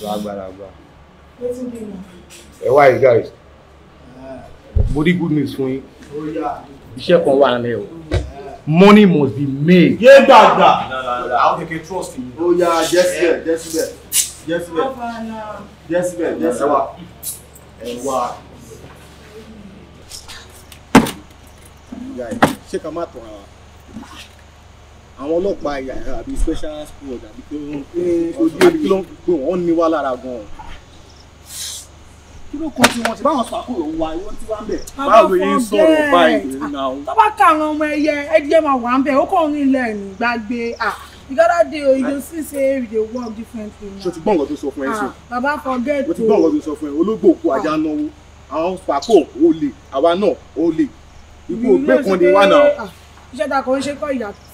lágbàlagbà. ẹ wá yìí guys ah. mo rí good news fún yín oh, iṣẹ́ kan wà nílẹ̀ o ah. money must be made. yé gbàgbà àwọn kèké trust yìí. ó yá jẹ́sibẹ̀ jẹ́sibẹ̀ jẹ́sibẹ̀ jẹ́sibẹ̀ jẹ́sibẹ̀ ẹ wá. ṣé ká má tọ̀ra wa àwọn ọlọ́pàá ẹ̀yà àbí special squad àbí kí eh, ojú ẹbí kí ló ń pè wọ́n ní wá lára gan-an kí ló kó tí wọ́n ti báwọn sàkóyò wa ìwọ tí wọ́n bẹ̀. báwo yín sọ̀rọ̀ báyìí náà. tó bá ka àwọn ọmọ ẹyẹ ẹdíyẹ máa wà ń bẹ̀ ó kàn ń ilẹ̀ ní gbàgbé ah you gotta dey o you go see say we dey work differently. ṣo ti gbọ́ nǹkan tó sọ fún ẹ sí. bàbá forget o. o ti gbọ́ nǹkan tó sọ fún ẹ ológbò òkú ajá náwó àwọn pàkó olè àwa náà olè ikú ògbé kan ni wà náà. iṣẹ́ ta kò ń ṣe kọ́ ìyàtọ̀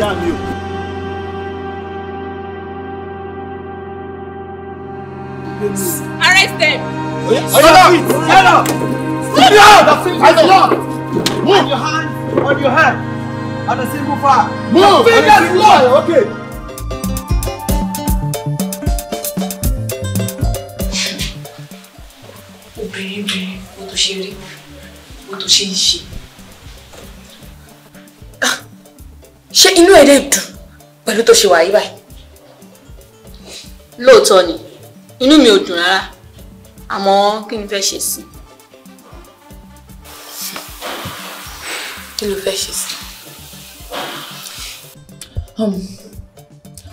ajá mi o. Arrest them. Stop it! Get up! Get up! Get Move! On your hand, on your hand, on the single file. Move! Your fingers locked! Okay. Obìnrin bìnrin, mo tó ṣe rí, mo tó ṣe ń ṣe. ṣé inú ẹ̀ lè dùn pẹ̀lú tó ṣe wà yí báyìí. lóòótọ́ ni inú mi ò dùn rárá àmọ́ kí ni fẹ́ ṣe sí i. kí ló fẹ́ ṣe sí i. Um,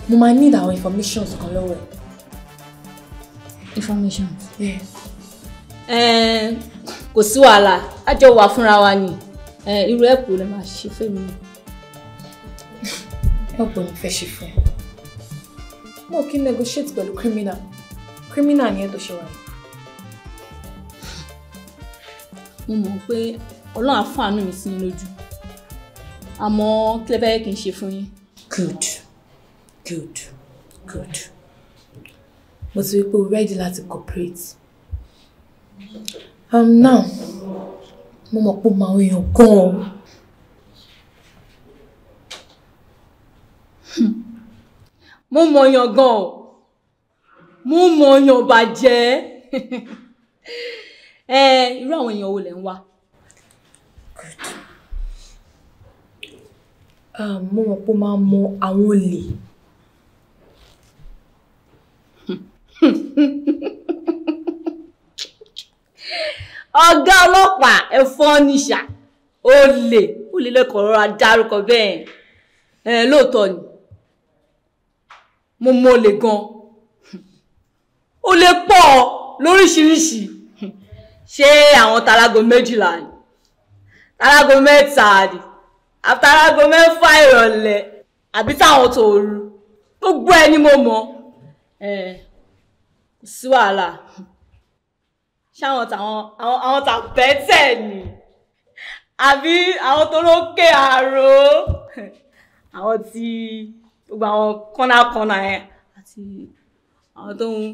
mo máa need àwọn informations kan lọ́wọ́ ẹ̀. informations? Eh, kò sí wàhálà a jọ wà fúnra wa ni eh, irú ẹ̀ kò lè máa ṣe fẹ́mi lọ́gbọ̀n ní fẹ́ ṣe fún ẹ. mo kí negotiate pẹ̀lú criminal criminal ni ẹ tó ṣe wà yìí. mo mọ̀ pé ọlọ́run á fún àánú mi sí lójú àmọ́ kílẹ̀bẹ́ kì í ṣe fún yín. good good good mo ti rí pé o ready láti cooperate um, now mo mọ̀ pé o máa ń yan gan-an. mo mọ̀yàn gan o mo mọ̀yàn bàjẹ́ ẹ eh, irú àwọn èèyàn wo lẹ̀ ń wá. Ah, mo mọ̀ pé ó máa mọ àwọn olè. ọ̀gá ọlọ́pàá ẹ̀fọn níṣà olè olè lẹ́kọ̀ọ́ rọra dárúkọ bẹ́ẹ̀ eh, lóòótọ́ ni mo mọ olè gan ó lè pọ̀ lóríṣiríṣi ṣé àwọn talago méjìlá ni talago mẹ́ta ni àtàlago mẹ́fà ìrọ̀lẹ́ àbí táwọn tòru gbogbo ẹ ni mo mọ sí wàhálà ṣáwọn tàwọn àwọn tàbẹ́tẹ̀ ni àbí àwọn tó lókè àrò àwọn ti gbogbo àwọn kọ́nà kọ́nà yẹn àti àwọn tó ń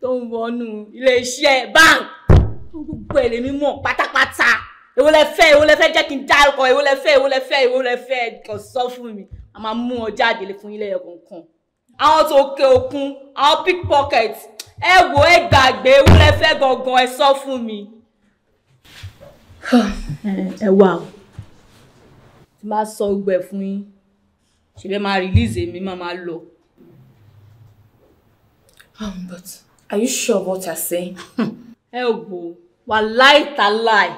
tó ń wọnú iléeṣẹ́ bank gbogbo ẹ̀ lèmi pátápátá èwo lẹ fẹ́ èwo lẹ fẹ́ jẹ́ kí n dárúkọ èwo lẹ fẹ́ èwo lẹ fẹ́ èwo lẹ fẹ́ kàn sọ fún mi a máa mú ọ jáde lè fún ilé ẹ̀ kọ̀ọ̀kan àwọn tó òkè òkun àwọn pickpocket ẹ wo ẹ gbàgbé èwo lẹ fẹ́ gangan ẹ sọ fún mi. ẹ wà ó ti máa sọ gbẹ fún yín She be my release me mama lo. Um, but are you sure what you're saying? ẹ ò gbò wà láìta láì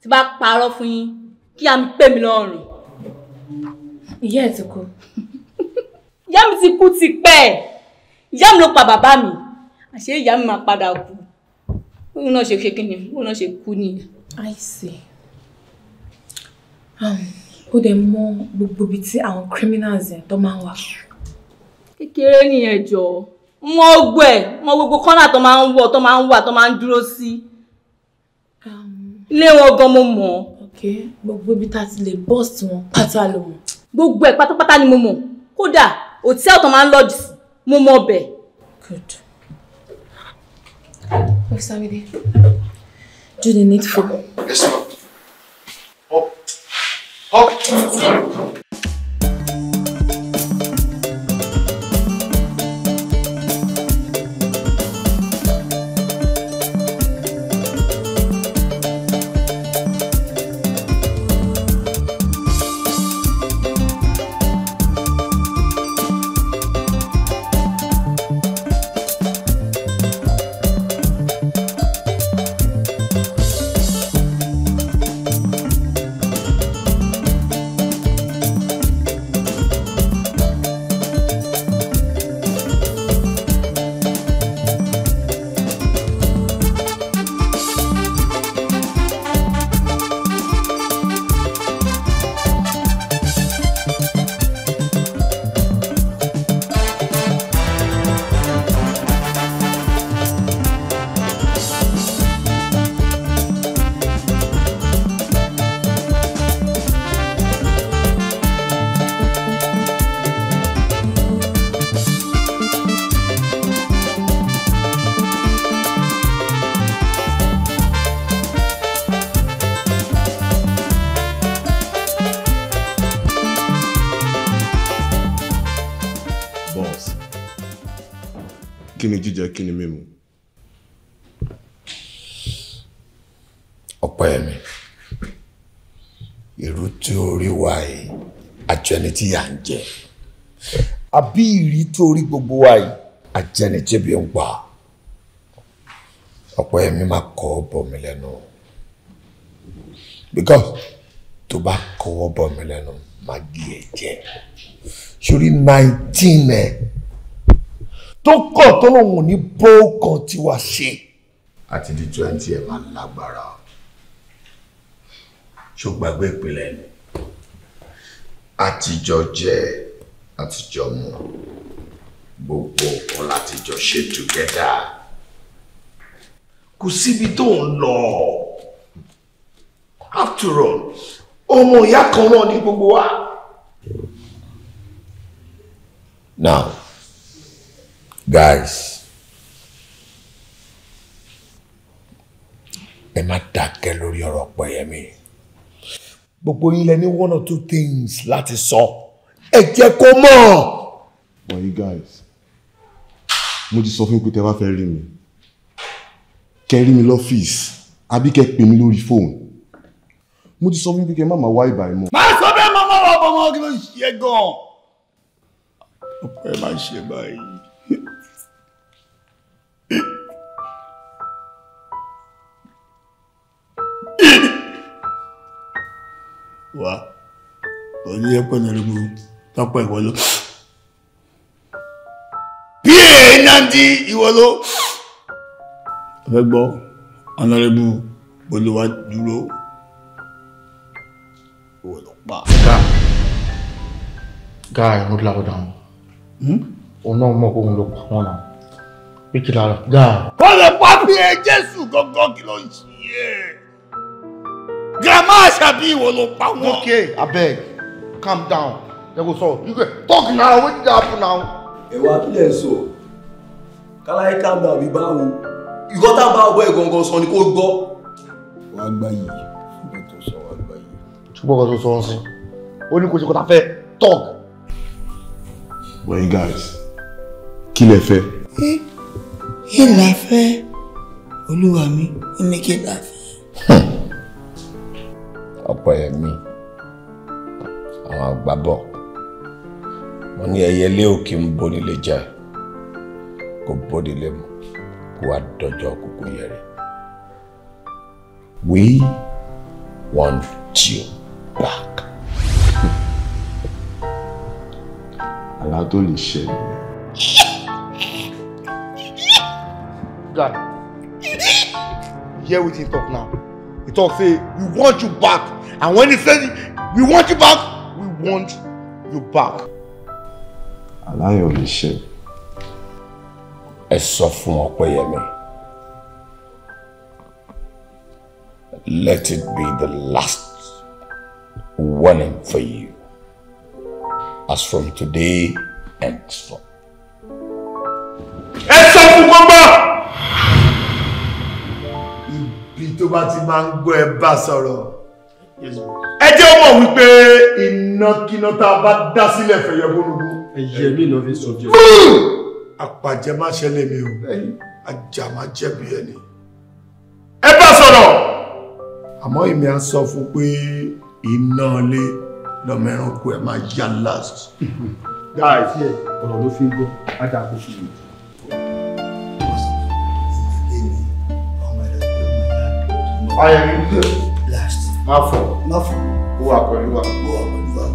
tí bá parọ́ fún yín kí a mi pè mí lọ́rùn. ìyá ẹ̀ ti kú. ìyá mi ti kú ti pẹ́ ẹ̀ mi ló pa bàbá mi àṣé ìyá mi ma padà kú òun náà ṣe ṣe kí ni òun náà ṣe ni. I see. Um, ó dẹ̀ mọ gbogbo ibi tí àwọn criminals yẹn tó máa ń wà. kékeré nìyẹn jọ mọ ogbó ẹ mọ gbogbo kọ́nà tó máa ń wọ tó máa ń wà tó máa ń dúró sí um, ilé wọn gan mo mọ̀. ok gbogbo ibi tá a ti lè bọ́ọ̀sì wọn pátá ló mọ̀. gbogbo ẹ pátápátá ni mo mọ̀ kódà hòtẹ́ẹ̀lì tó máa ń lọ́ọ̀dì sí mo mọ̀ ọbẹ̀. good. Officer Mide, do the needful. Yes, ma'am. Hop. tí à ń jẹ àbí ìrí tó rí gbogbo wa yìí àjẹnìjẹbi ń pa ọ̀pọ̀ ẹ̀mí máa kọ́ bọ̀ mí lẹ́nu because tó bá kọ́wọ́ bọ̀ mí lẹ́nu máa gé ẹ jẹ sórí nineteen ẹ tó kọ̀ tó lòun ò ní bó kan tí wàá ṣe àti di twenty ẹ máa lágbára ṣó gbàgbé ìpìlẹ̀ ẹni àtijọ́ jẹ àtijọ́ mu gbogbo nǹkan látijọ́ ṣe together kò síbi tó ń lọ after all ọmọ ìyá kan náà ní gbogbo wa. now guys ẹ má dákẹ́ lórí ọ̀rọ̀ Pẹ̀yẹmí gbogbo yín lẹ ní one or two things láti sọ ẹ jẹ́ kó mọ̀. but you guys mo ti sọ fún pé tẹ bá fẹ́ rí mi kẹ rí mi lọ́fíìsì àbí kẹ pè mí lórí fóònù mo ti sọ fún pé kẹ má máa wá ìbà mọ́. má sọ bẹ́ẹ̀ mọ́ mọ́ wọ́n bọ́ mọ́ kí ló ṣe é gan-an. ọ̀pọ̀ máa ń ṣe báyìí. wá òní ẹpẹ náà lóko tọpọ ìwọ ló. pa nandi ìwọ ló. ọ̀fẹ́ gbọ́ ọ̀nàrẹ́bù bolówá dúró ìwọ ló pa. guy no allow down òun náà mọ̀ pé òun ló pa wọn náà pé kí lára guy. wọ́n lè jésù gangan kí ló ń ṣe é màmá àṣàbí ló pa wọn. okay abeg calm down dem go solve you go talk now wetin dey happen now. ẹ̀wà kí lẹ̀ ń sọ káláyé calm down bí báwo ìkọ́tà bá ọgbọ́ ìgangan sọ ni kò gbọ́. wàá gbá yìí ṣùgbọ́n tó sọ wàá gbá yìí. ṣùgbọ́n kan tó sọ ọ́n sí ó ní kò ṣe kó ta fẹ́ talk. well guys kí lẹ fẹ́. ẹ ẹ là fẹ́ olúwa mi ó ní kí n fẹ́. Ọpẹ́yẹmí àwọn àgbà wọ́n ní ẹyẹlé òkè ń bónílé jẹ kó bónílé mu kó wá dọjọ́ kúkú yẹrẹ we want you back. àlá tó lè ṣe nìyẹn. guy hear wetin he talk now he talk say we want you back And when he says, we want you back, we want you back. Aláyọ̀lé ṣe. Ẹ sọ fún Ọpẹ́yẹmí. Let it be the last warning for you. As from today henceforth. Ẹ sọ fún gbọ́ngbọ́n! Ibi tó bá ti máa ń gbọ́ ẹ bá sọ̀rọ̀ ẹ jẹ́ mọ̀ wípé ìnákiná tá a bá dá sílẹ̀ fẹ̀yẹ̀ bólúbú. ẹyẹ mi lọ fi sọ jẹ. àpàjẹ má ṣẹlẹ̀ mi o ajá má jẹ̀bi ẹni. ẹ bá sọ̀rọ̀. àmọ́ èmi á sọ fún pé iná ilé lọ́mọ ẹranko ẹ̀ máa yá last. dáa ìfí ẹ ọ̀rọ̀ ló fi ń gbọ́ ádá kó fi yìí. I am má fọ má fọ ó wà pẹ̀lú wa ó wà pẹ̀lú wa.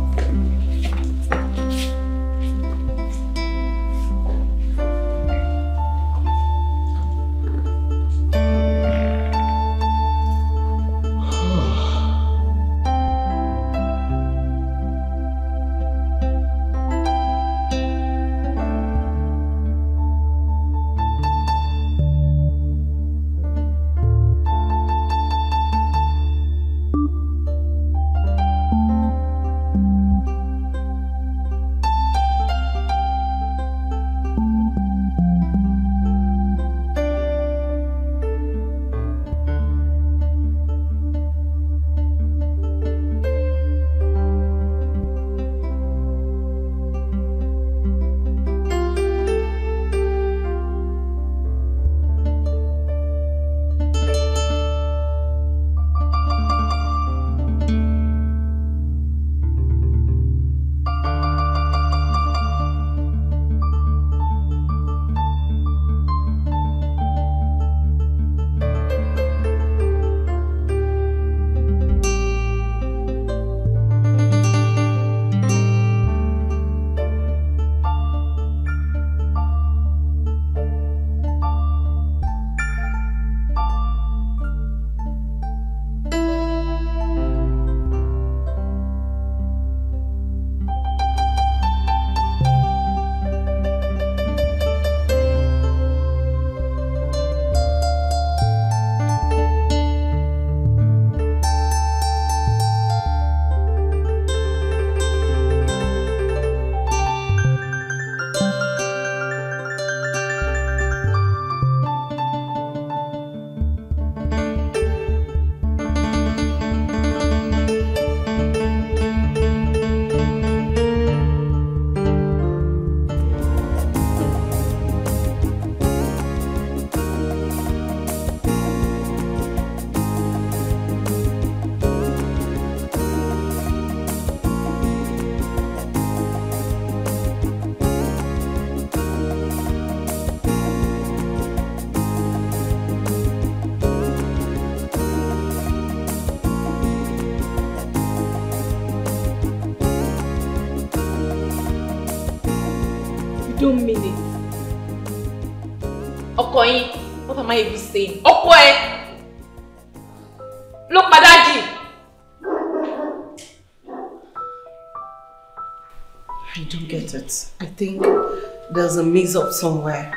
mix up somewhere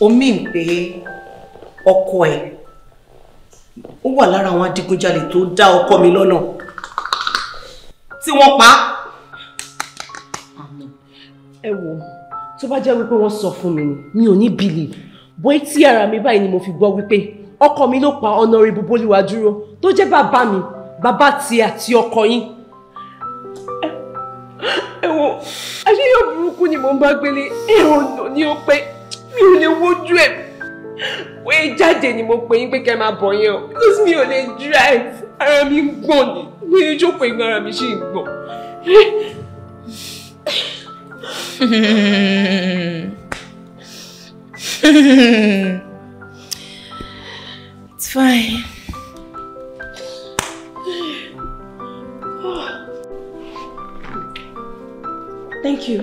o mean pé ọkọ ẹ̀ ó wà lára àwọn adigunjalè tó dá ọkọ mi lọ́nà tí wọ́n pa á. ẹ wo tó bá jẹ́ wípé wọ́n sọ fún mi ni mi ò ní believe bóyá tí ara mi báyìí ni mo fi gbọ́ wípé ọkọ mi ló pa Honorable Bólúwadúró tó jẹ́ bàbá mi bàbá ti àti ọkọ yín ẹ̀wọ̀n àṣeyọ burúkú ni mò ń bá gbélé ẹ̀wọ̀n nà ní ó mi ò lè wojú ẹ̀ wé jáde ni mo pè yín pé kẹ́ máa bọ̀ yẹn o because mi ò lè drive ara mi ń gbọ̀n ni mi ò jókòó igun ara mi ṣì ń gbọ̀n. It's fine. Thank you.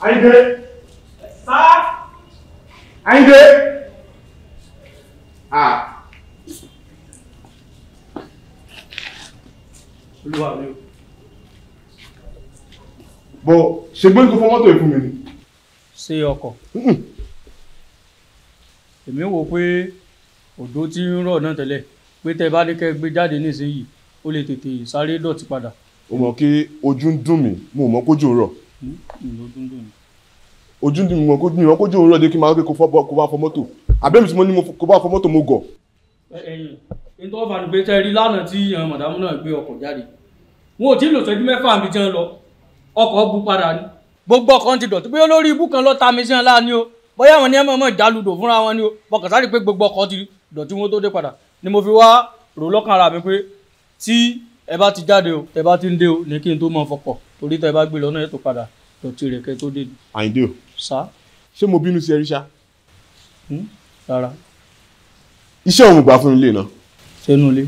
Are you good? Sir? Are you good? bọ̀ ṣègbọ́n kò fọ mọ́tò yìí fún mi ni. ṣe ọkọ̀ hmm. èmi wò pé òdó tí ń rọ̀ náà tẹ́lẹ̀ pé tẹ́ bá dékẹ́ gbé jáde nísìnyìí ó lè tètè sáré dọ̀tí padà. o mọ̀ kí ojú ń dùn mí mo mọ̀ kójú rọ̀ hmm, ojú ń dùn mí mo mọ̀ kójú de dé kí n máa gbé kó bá fọ mọ́tò àbẹ́mi tí mo ní kó bá fọ mọ́tò mo gọ̀. ẹyin nítorí wọn fà ní pé tẹ́ rí lánàá tí àwọn màdàmú náà gbé ọkọ̀ jáde wọn ò tí ì lò sẹ́jú mẹ́fà àbí tí ọkọ̀ bu padà ni. gbogbo ọkọ̀ ti dọ̀tí bóyá lórí ibú kan lọ ta mi sí ọ̀la o bóyá àwọn ní ẹ mọ̀ọ́mọ̀ ìjáludò fúnra wọn ni o bọ̀kàn sáré pé gbogbo ọkọ̀ ti dọ̀tí wọn tó dé padà ni mo fi wá rò lọ́kàn ara mi pé tí ẹ bá ti jáde o tẹ bá ti ń dé o ní kí n tó mọ fọpọ̀ torí tẹ bá gbé lọ náà ètò padà dọ̀tí rẹ̀ kẹ́ tó dé. àyíndé o sá ṣé mo bínú sí ẹ rí ṣá. Hmm, rárá. iṣẹ́ òun gbà fún ilé náà. sẹ́nu ilé.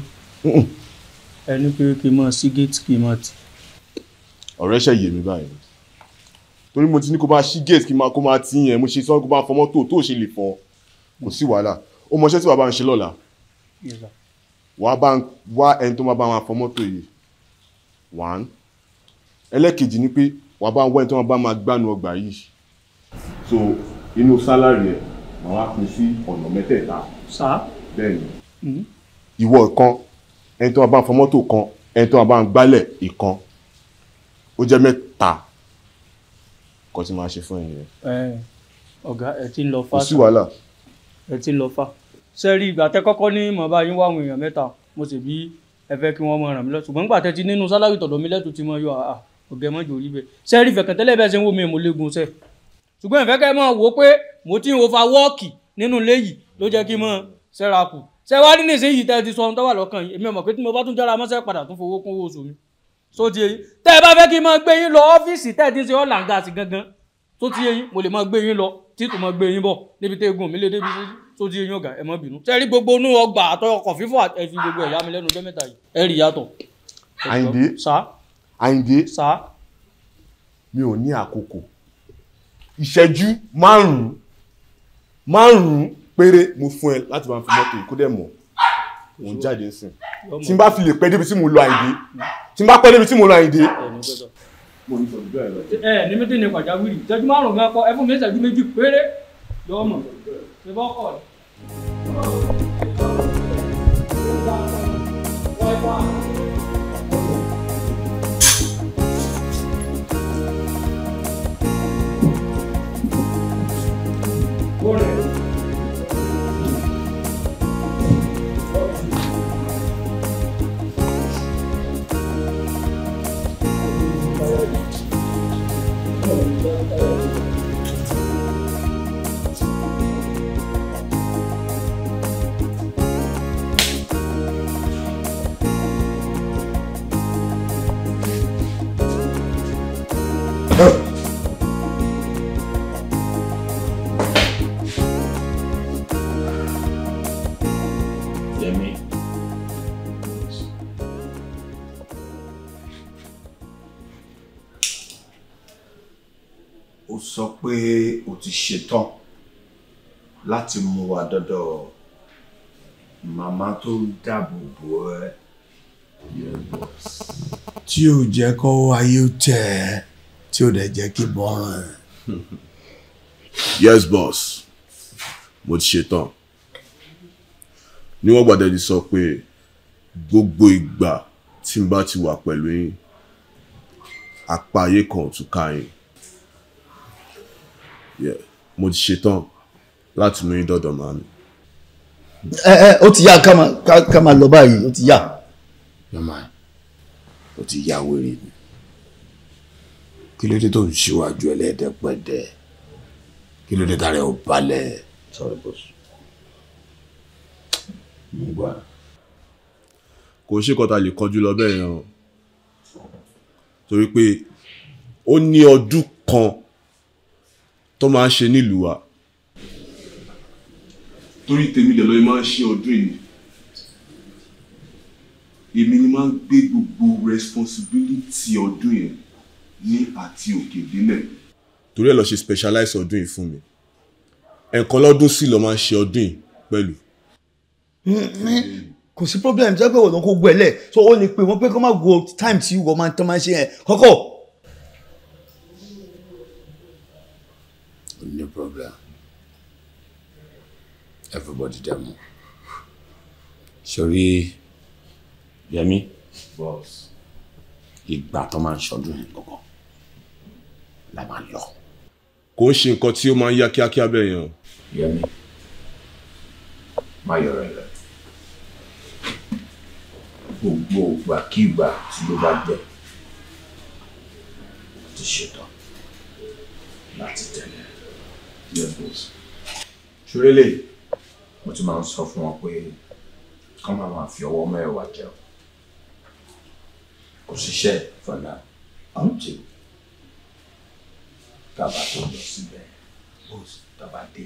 ẹni pé kí n máa sí géètì kí n máa tì ọ̀rẹ́ ṣe yé mi báyìí torí mo ti ní kó bá ṣí gate kí kó máa ti yẹn mo ṣe sọ kó bá fọ mọ́tò tó ṣe lè fọ kò sí wàhálà ó mọṣẹ́ tí bàbá ń ṣe lọ́la wàá bá ń wá ẹni tó máa bá wọn fọ mọ́tò yìí one ẹlẹ́kejì ni pé wàá bá ń wá ẹni tó máa bá máa gbánu ọgbà yìí so inú sálárì ẹ̀ màá wá pín sí ọ̀nà mẹ́tẹ̀ẹ̀ta bẹ́ẹ̀ ni mm-hmm. ìwọ ìkan ẹni tó máa bá ń fọ mọ́tò kan ẹni tó máa bá ń gbálẹ̀ ìkan ó jẹ́ mẹ́ta kan tí màá ṣe fún ẹ̀yin rẹ̀. ọ̀gá ẹ ti ń lọ fà. kò sí wàhálà. ẹ ti ń lọ fà. sẹ́rí ìgbà tẹ́ kọ́kọ́ ní mọ̀ bá yín wá àwọn èèyàn mẹ́ta mo sì bí ẹ fẹ́ kí wọ́n mọ ràn mí lọ ṣùgbọ́n nígbà tẹ́ ti nínú sálárì tọ̀dọ̀ mi lẹ́tù ti mọ yọ àà ọ̀gá mọ́jọ orí bẹ́ẹ̀ sẹ́rí ìfẹ̀kàn tẹ́lẹ̀ bẹ́ẹ̀ ṣe ń wò mí mo léegun sẹ́ ṣùgbọ́n ìfẹ́ kẹ́ mọ̀ wò pé mo ti ń wo fa wọ́ọ̀kì nínú ilé yìí ló jẹ́ kí mọ̀ sẹ́ra kù ṣẹ́wá nínú ìsinyìí tẹ́ ti sọ ohun tó wà lọ́kàn yìí èmi ò pé tí mo bá tún jára mọ́sẹ́ padà tún fowó kún owó oṣù mi so ti yé yín tẹ́ ẹ bá fẹ́ kí n máa gbé yín lọ ọ́fíìsì tẹ́ ẹ ti ṣe ọ́ làǹgàsì gangan so ti yé yín mo lè máa gbé yín lọ tí tò máa gbé yín bọ̀ níbi tẹ́ egun mi lè débi sí so ti yé yín ọ̀gá ẹ má bínú. sẹ́ẹ̀rí gbogbo inú ọgbà àtọ́ ọkọ̀ fífọ́ ẹ fi gbogbo ẹ̀yà mi lẹ́nu dẹ́mẹ́ta yìí ẹ rí yàtọ̀. àyìndé àyìndé mi ò ní àkókò ìṣẹ́jú márùn-ún márùn-ún péré mo fún ẹ láti máa fi mọ́tò ìkó dẹ̀ mọ̀ òun jáde ń sìn tí n bá fi lè pẹ́ débi tí mo lọ àyìndé tí n bá pẹ́ níbi tí mo lọ àyìndé. ẹ ní méjì ní pàjáwìrì ìtọ́jú márùn-ún gan kọ ẹ fún mi ìṣẹ́jú méjì péré lọ́mọ ṣe bọ́ kọ̀ Thank you. ti ṣetán láti mú wa dọ́dọ̀ màmá tó ń dáàbò bò ẹ́ tí ò jẹ́ kó ayé tẹ̀ ẹ́ tí ò dẹ̀ jẹ́ kí bọ́ràn. yes boss mo ti ṣetán níwọ̀n gbàdẹ́ ti sọ pé gbogbo ìgbà tí n bá ti wà pẹ̀lú yín apá ayé kan ò tún ká yín mo ti ṣetán láti mú yín dọ̀dọ̀ màámi. ẹ ẹ ó ti yá ká máa lọ báyìí ó ti yá. yọmọ ẹ ó ti yá wèrè mi kí ló dé tó ń ṣíwájú ẹlẹ́dẹ̀pẹ̀dẹ̀ kí ló dé tààrẹ ò balẹ̀. sorry boss. kò ṣe kọta lè kọjú lọ bẹ́ẹ̀ yẹn o torí pé ó ní ọdún kan tó máa ń ṣe nílùú wa torí tèmi dẹ̀ lọ́ọ́ máa ń ṣe ọdún ìní èmi ni máa ń gbé gbogbo responsibility ọdún yẹn ní àti òkè délẹ̀. torí ẹ lọ ṣe specialize ọdún yìí fún mi ẹ̀ẹ̀kan lọ́dún sí lọ́ọ́ máa ń ṣe ọdún yìí pẹ̀lú. kò sí problem jẹ́ pé òun kò gbẹ̀lẹ̀ so ó ní pé wọ́n pé kó má go time tí wọ́n máa ń tán máa ń ṣe yẹn kọ́kọ́ no problem. Everybody demo. Sorry, Yemi. Boss. Ìgbà tó máa ń ṣọdún yẹn gangan la máa lọ. Kò ń ṣe nǹkan Yaki, ó máa ń yá kíákíá bẹ́ẹ̀ yẹn o. Yemi, má yọ̀rọ̀ ẹ̀ lọ. Gbogbo ìgbàkígbà tí ló bá ti ṣetán yes boss ṣúrélè mo ti máa ń sọ fún wọn pé kán máa máa fi ọwọ́ mẹ́wàá jẹun kò ṣiṣẹ́ fọlá àǹtí tàbá tó lọ síbẹ̀ bó tàbá dé.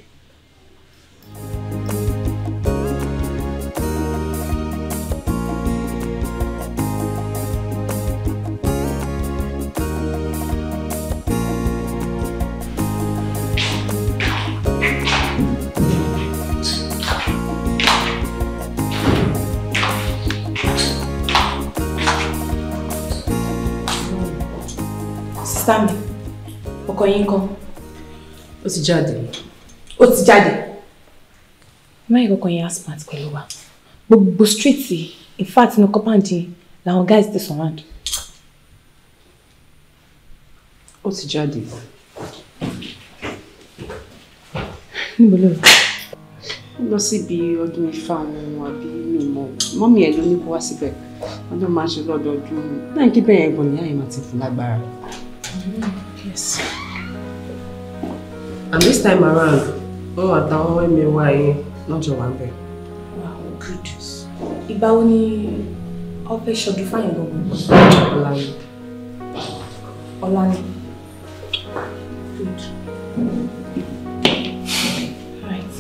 Sambi ọkọ yín kan. ó ti jáde. ó ti jáde. mẹ́rin kankan yẹn asmat pẹ̀lú wa gbogbo street in fact ní compound yẹn làwọn guys ti surround. ó ti jáde. níbo ló rà lọ síbi ọdún ifá wọn àbí mímọ mọmí ẹ ló ní kó wá síbẹ̀ ọdún máa ń ṣe lọdọọdún náà kí bẹ́ẹ̀ ẹ̀gbọ́n ní àyè máa ti fún lágbára. Yes. And this time around, oh, at that one me why not your one bed. Wow, good. Ìgbà wo ni o fẹ́ ṣọdún fáyìn gbogbo? Ọ̀la ni. Ọ̀la ni. Good. Right.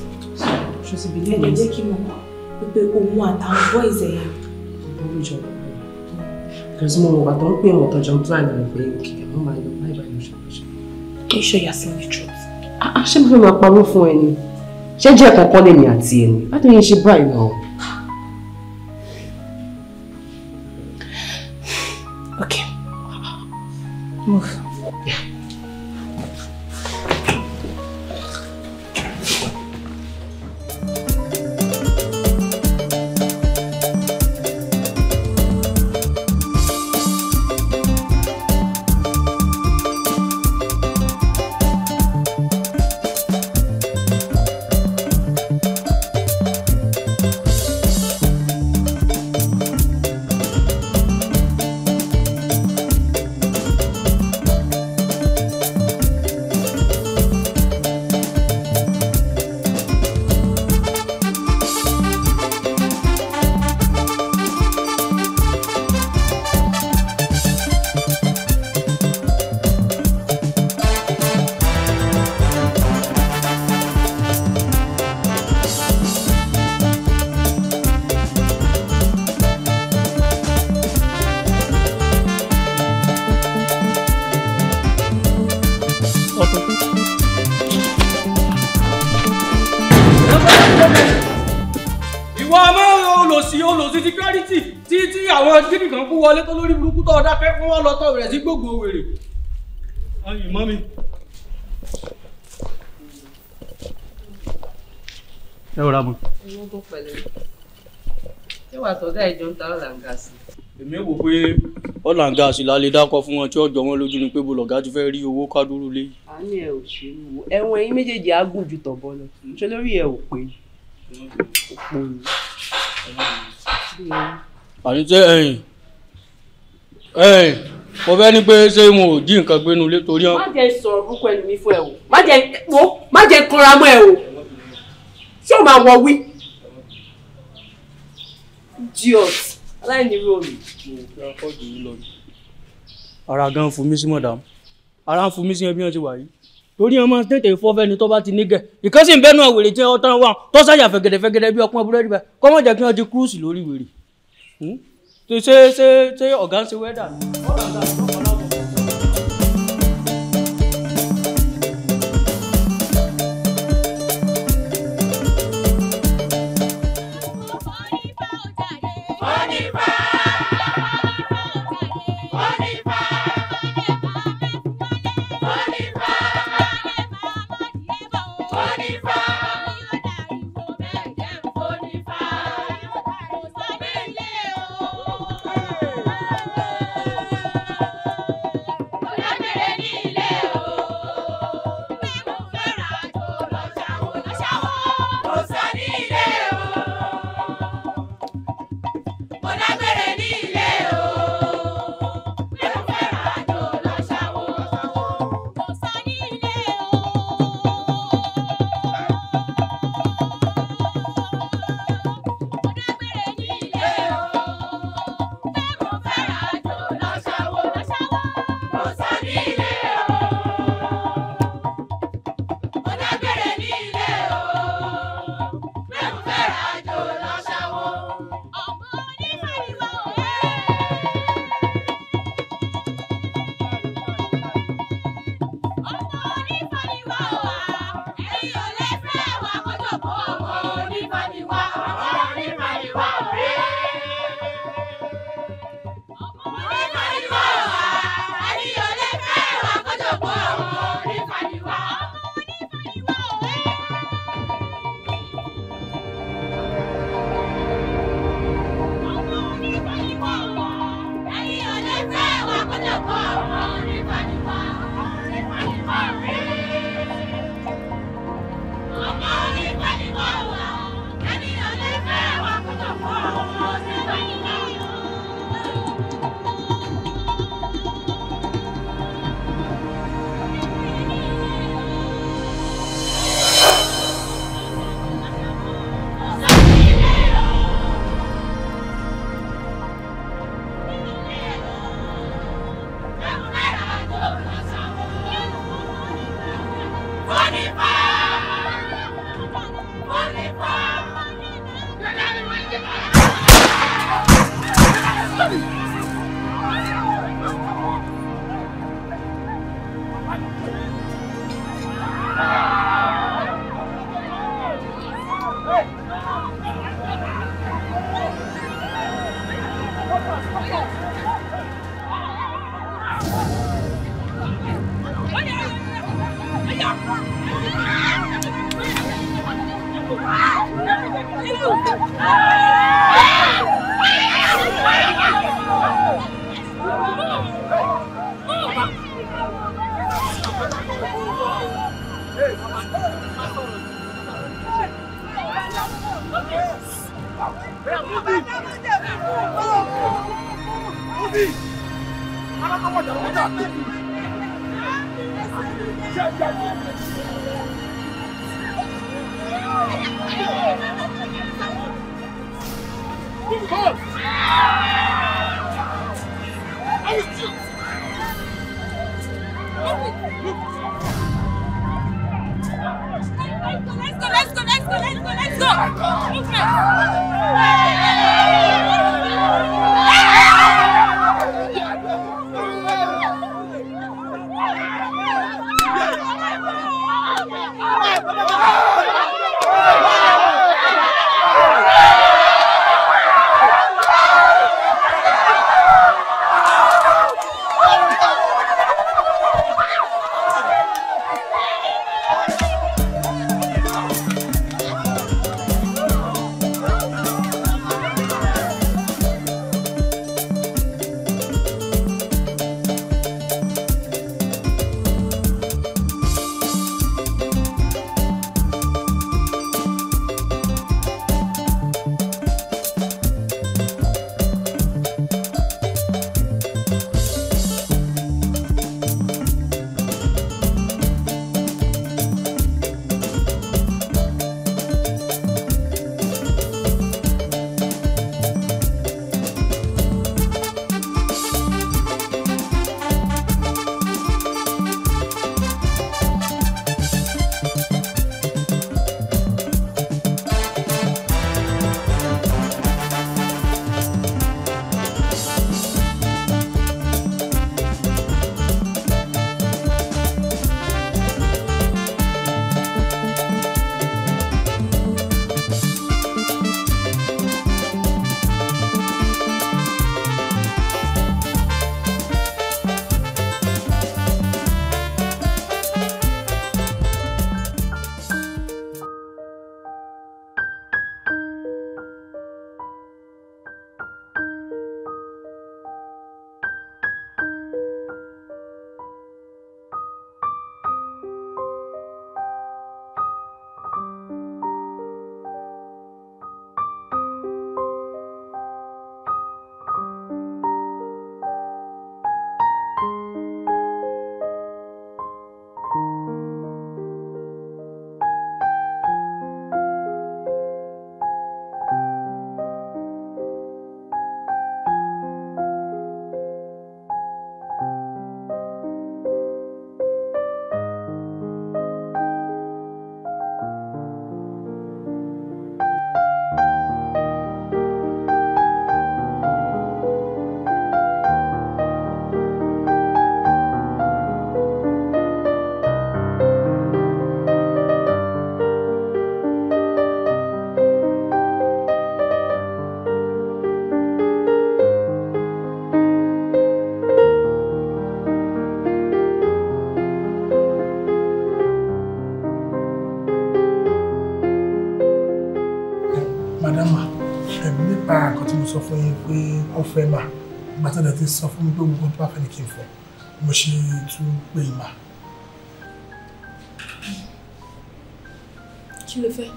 Ṣé o ti bìlẹ̀ ní? Ẹ jẹ́ kí n mọ̀ wípé òun àtàwọn boys ẹ̀ yẹn. Ìbọn jọ. Kìrìsìmọ̀ àtọ̀ ń pè wọ́n tọ́jọ́ plan ní pé òkè. ló máa lò báyìí báyìí ló ṣe lọ ṣe. Are you sure you are the truth? Ah, ah, ṣé mo fẹ́ máa parọ́ fún ẹni? Ṣé jẹ́ kankan lèmi àti ẹni? Láti yẹn ṣe báyìí náà. Okay. Move. wọlé tó lórí burúkú tó ọ̀dà pé wọ́n lọ tọ̀ rẹ̀ sí gbogbo wèrè. ayò mọ́ mi. ẹ wọra mu. inú tó pẹ̀lẹ́ ṣé wàá tọ́jà ìjọ ń ta ọ̀là ń ga sí. èmi wò pé ọ̀là ń ga sí la lè dákọ̀ fún wọn tí ọjọ́ wọn lójú ni pé bó ti fẹ́ rí owó kádúrú lé. àánú ẹ ò ṣe é wò ẹ̀wọ̀n ẹ̀yin méjèèjì á gùn ju tọ̀bọ lọ ṣé lórí ẹ ò pé òpó ni àní tẹ ẹ mo fẹ́ ni pé ṣé wọn ò jí nǹkan gbénu lé torí ọ. má jẹ sọ̀rọ̀ burúkú ẹnu mi fún ẹ o má jẹ wo má jẹ kanra mọ́ ẹ o ṣé o máa wọ wí. idiot aláìní rí omi. ara gan fún mi sí mọ̀dàm ara ń fún mi sí ẹbí wọn ti wà yìí torí ọmọ tètè fọ́fẹ́ ni tó bá ti nígẹ̀ ìkànsìn bẹ́ẹ̀ náà wèrè jẹ́ ọ̀tán wa tó ṣàyà fẹ̀gẹ̀dẹ̀fẹ̀gẹ̀dẹ̀ bí ọpọ́n búrẹ́dì báyìí kọ́mọ̀jẹ̀ kí wọ́n ti kúrúùsì lórí wèrè. Hmm? ṣe ṣe ṣe ọ̀gá ń ṣe wẹ́dà ni. sọ fún yín pé wọ́n fẹ́ mà ìgbà tó dẹ̀ ti sọ fún mi pé gbogbo tó bá fẹ́ ni kí n fọ mo ṣe tún pé mà. kí ló fẹ́.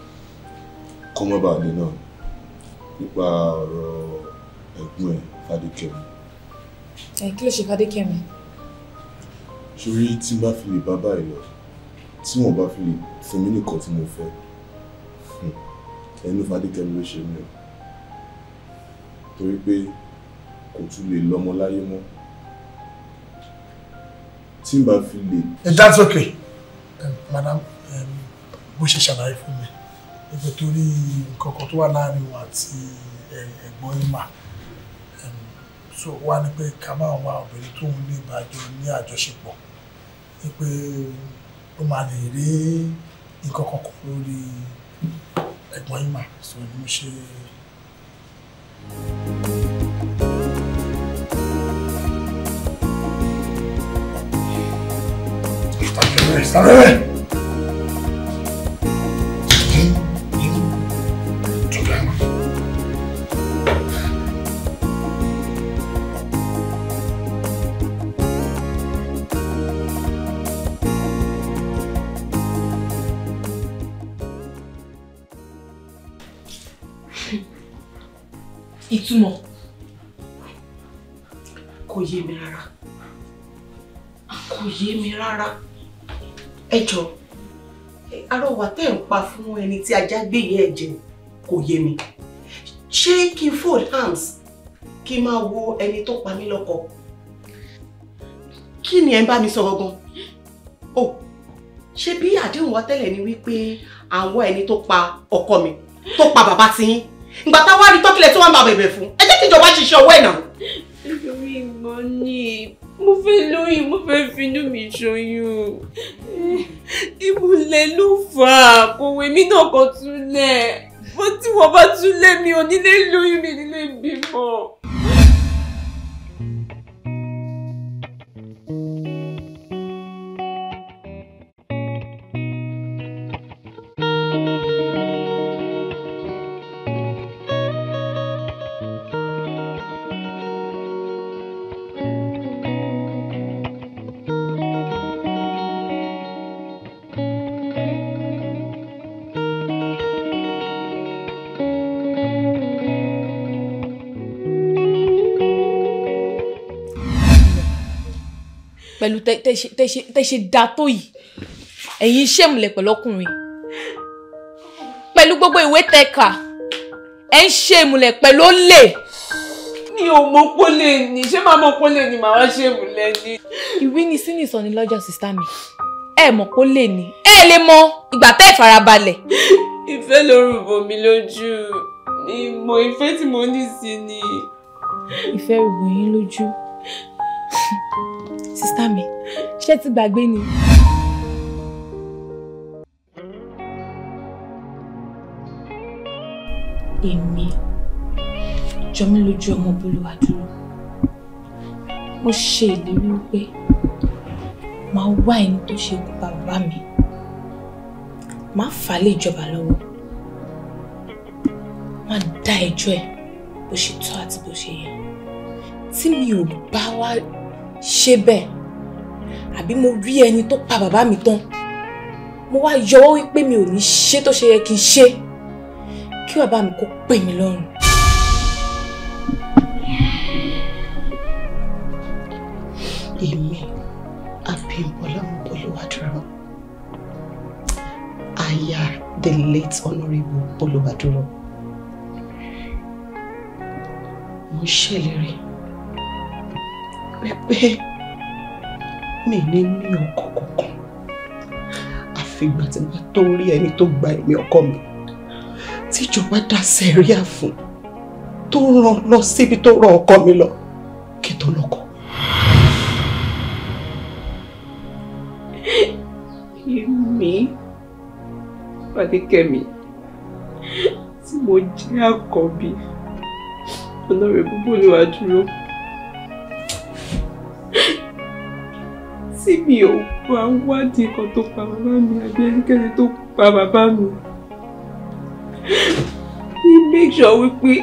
kó má bàa lè náà nípa ọ̀rọ̀ ẹ̀gbọ́n ẹ̀ fadékẹ́mi. ẹ kí ló ṣe fadékẹ́mi. sórí tí n bá fi lè bá báyìí lọ tí wọn bá fi lè fún mi nìkan tí mo fẹ́ hmm, ẹnu fadékẹ́mi ló ṣe mí o torí pé kò tún lè lọ́mọ láyé mọ́ tí n bá fi lè. Eh, that's okay um, madam bó ṣe ṣàlàyé fún mi ẹgbẹ́ torí nǹkan kan tó wà láàrin wa àti eh, ẹ̀gbọ́n ìmà so wá ní pé ká máa wá obìnrin tó ń ní ìbàjọ́ ní àjọṣepọ̀ ní pé ó máa lè rí nǹkan kan kó lórí ẹ̀gbọ́n ìmà so ni mo ṣe. Está bien, está bien. ẹ jọ arọwà tẹ́ ń pa fún ẹni tí ajá gbé yẹ ẹ jẹ kò yé mi ṣé kí n fold hands kí n máa wo ẹni tó pa mí lọ́kọ kí ni ẹ ń bá mi sọ gangan o ṣé bí àdéhùn wa tẹ́lẹ̀ ni wípé àwọn ẹni tó pa ọkọ mi tó pa bàbá ti yín ìgbà táwa rí tọ́kìlẹ̀ tí wọ́n máa fún ẹ jẹ́ kí ìjọba ṣiṣẹ́ owó ẹ̀ náà. nítorí mo ní mo fẹ́ lóyún mo fẹ́ finú mi ṣoyún ìmùlẹ̀ ló fà á kòwé mi náà kan túlẹ̀ bó tí wọ́n bá túlẹ̀ mi ò nílé lóyún mi nílé bímọ. pẹ̀lú tẹ ṣe da tó yìí ẹ̀yin ṣe ìmùlẹ̀ pẹ̀lú ọkùnrin pẹ̀lú gbogbo ìwé tẹ kà ẹ̀ ń ṣe ìmùlẹ̀ pẹ̀lú olè. mi ò mọ pólè ní ṣé máa mọ pólè ní màá wá ṣe ìmùlẹ̀ ní. ìwí ni sínú ìsọ̀ni lọ́jọ́ sísá mi ẹ mọ̀ pólè ní ẹ lè mọ ìgbà tẹ́ ìfarabalẹ̀. ìfẹ́ lóru bò mí lójú ìmọ̀ ìfẹ́ tí mo ní sí ni. ìfẹ́ rògbò yín lójú. Sister mi ṣé ti gbàgbé ni. èmi jọ mí lójú ọmọ bolúwa dúró mo ṣe ìlérí wípé máa wá ẹni tó ṣe ikú bàbá mi máa fà á lé ìjọba lọ́wọ́ máa dá ẹjọ́ ẹ̀ bó ṣe tọ́ àti bó ṣe yẹ tí mi ò bá wá ṣe bẹ́ẹ̀ àbí mo rí ẹni tó pa bàbá mi tán mo wá yọwọ́ wípé mi ò ní ṣe tó ṣe yẹ kí n ṣe kí bàbá mi kó pè mí lọ́rùn. èmi Abímbọ́lá Bolúwadúró aya the late honourable Bolúwadúró mo ṣèlérí wípé mi ní ní ọkọ kankan àfìgbà tí bá tó rí ẹni tó gba ẹ̀mí ọkọ mi tíjọba dá sẹ́ríà fún tó ràn lọ síbi tó ràn ọkọ mi lọ kí tó lọ́kọ. èmi fadékẹ́mi tí mo jẹ́ àkọ́bí olórí búbú ni wàá dúró tí mi ò bá wádìí nǹkan tó pa bàbá mi àbí ẹnikẹ́ni tó pa bàbá mi we make sure wípé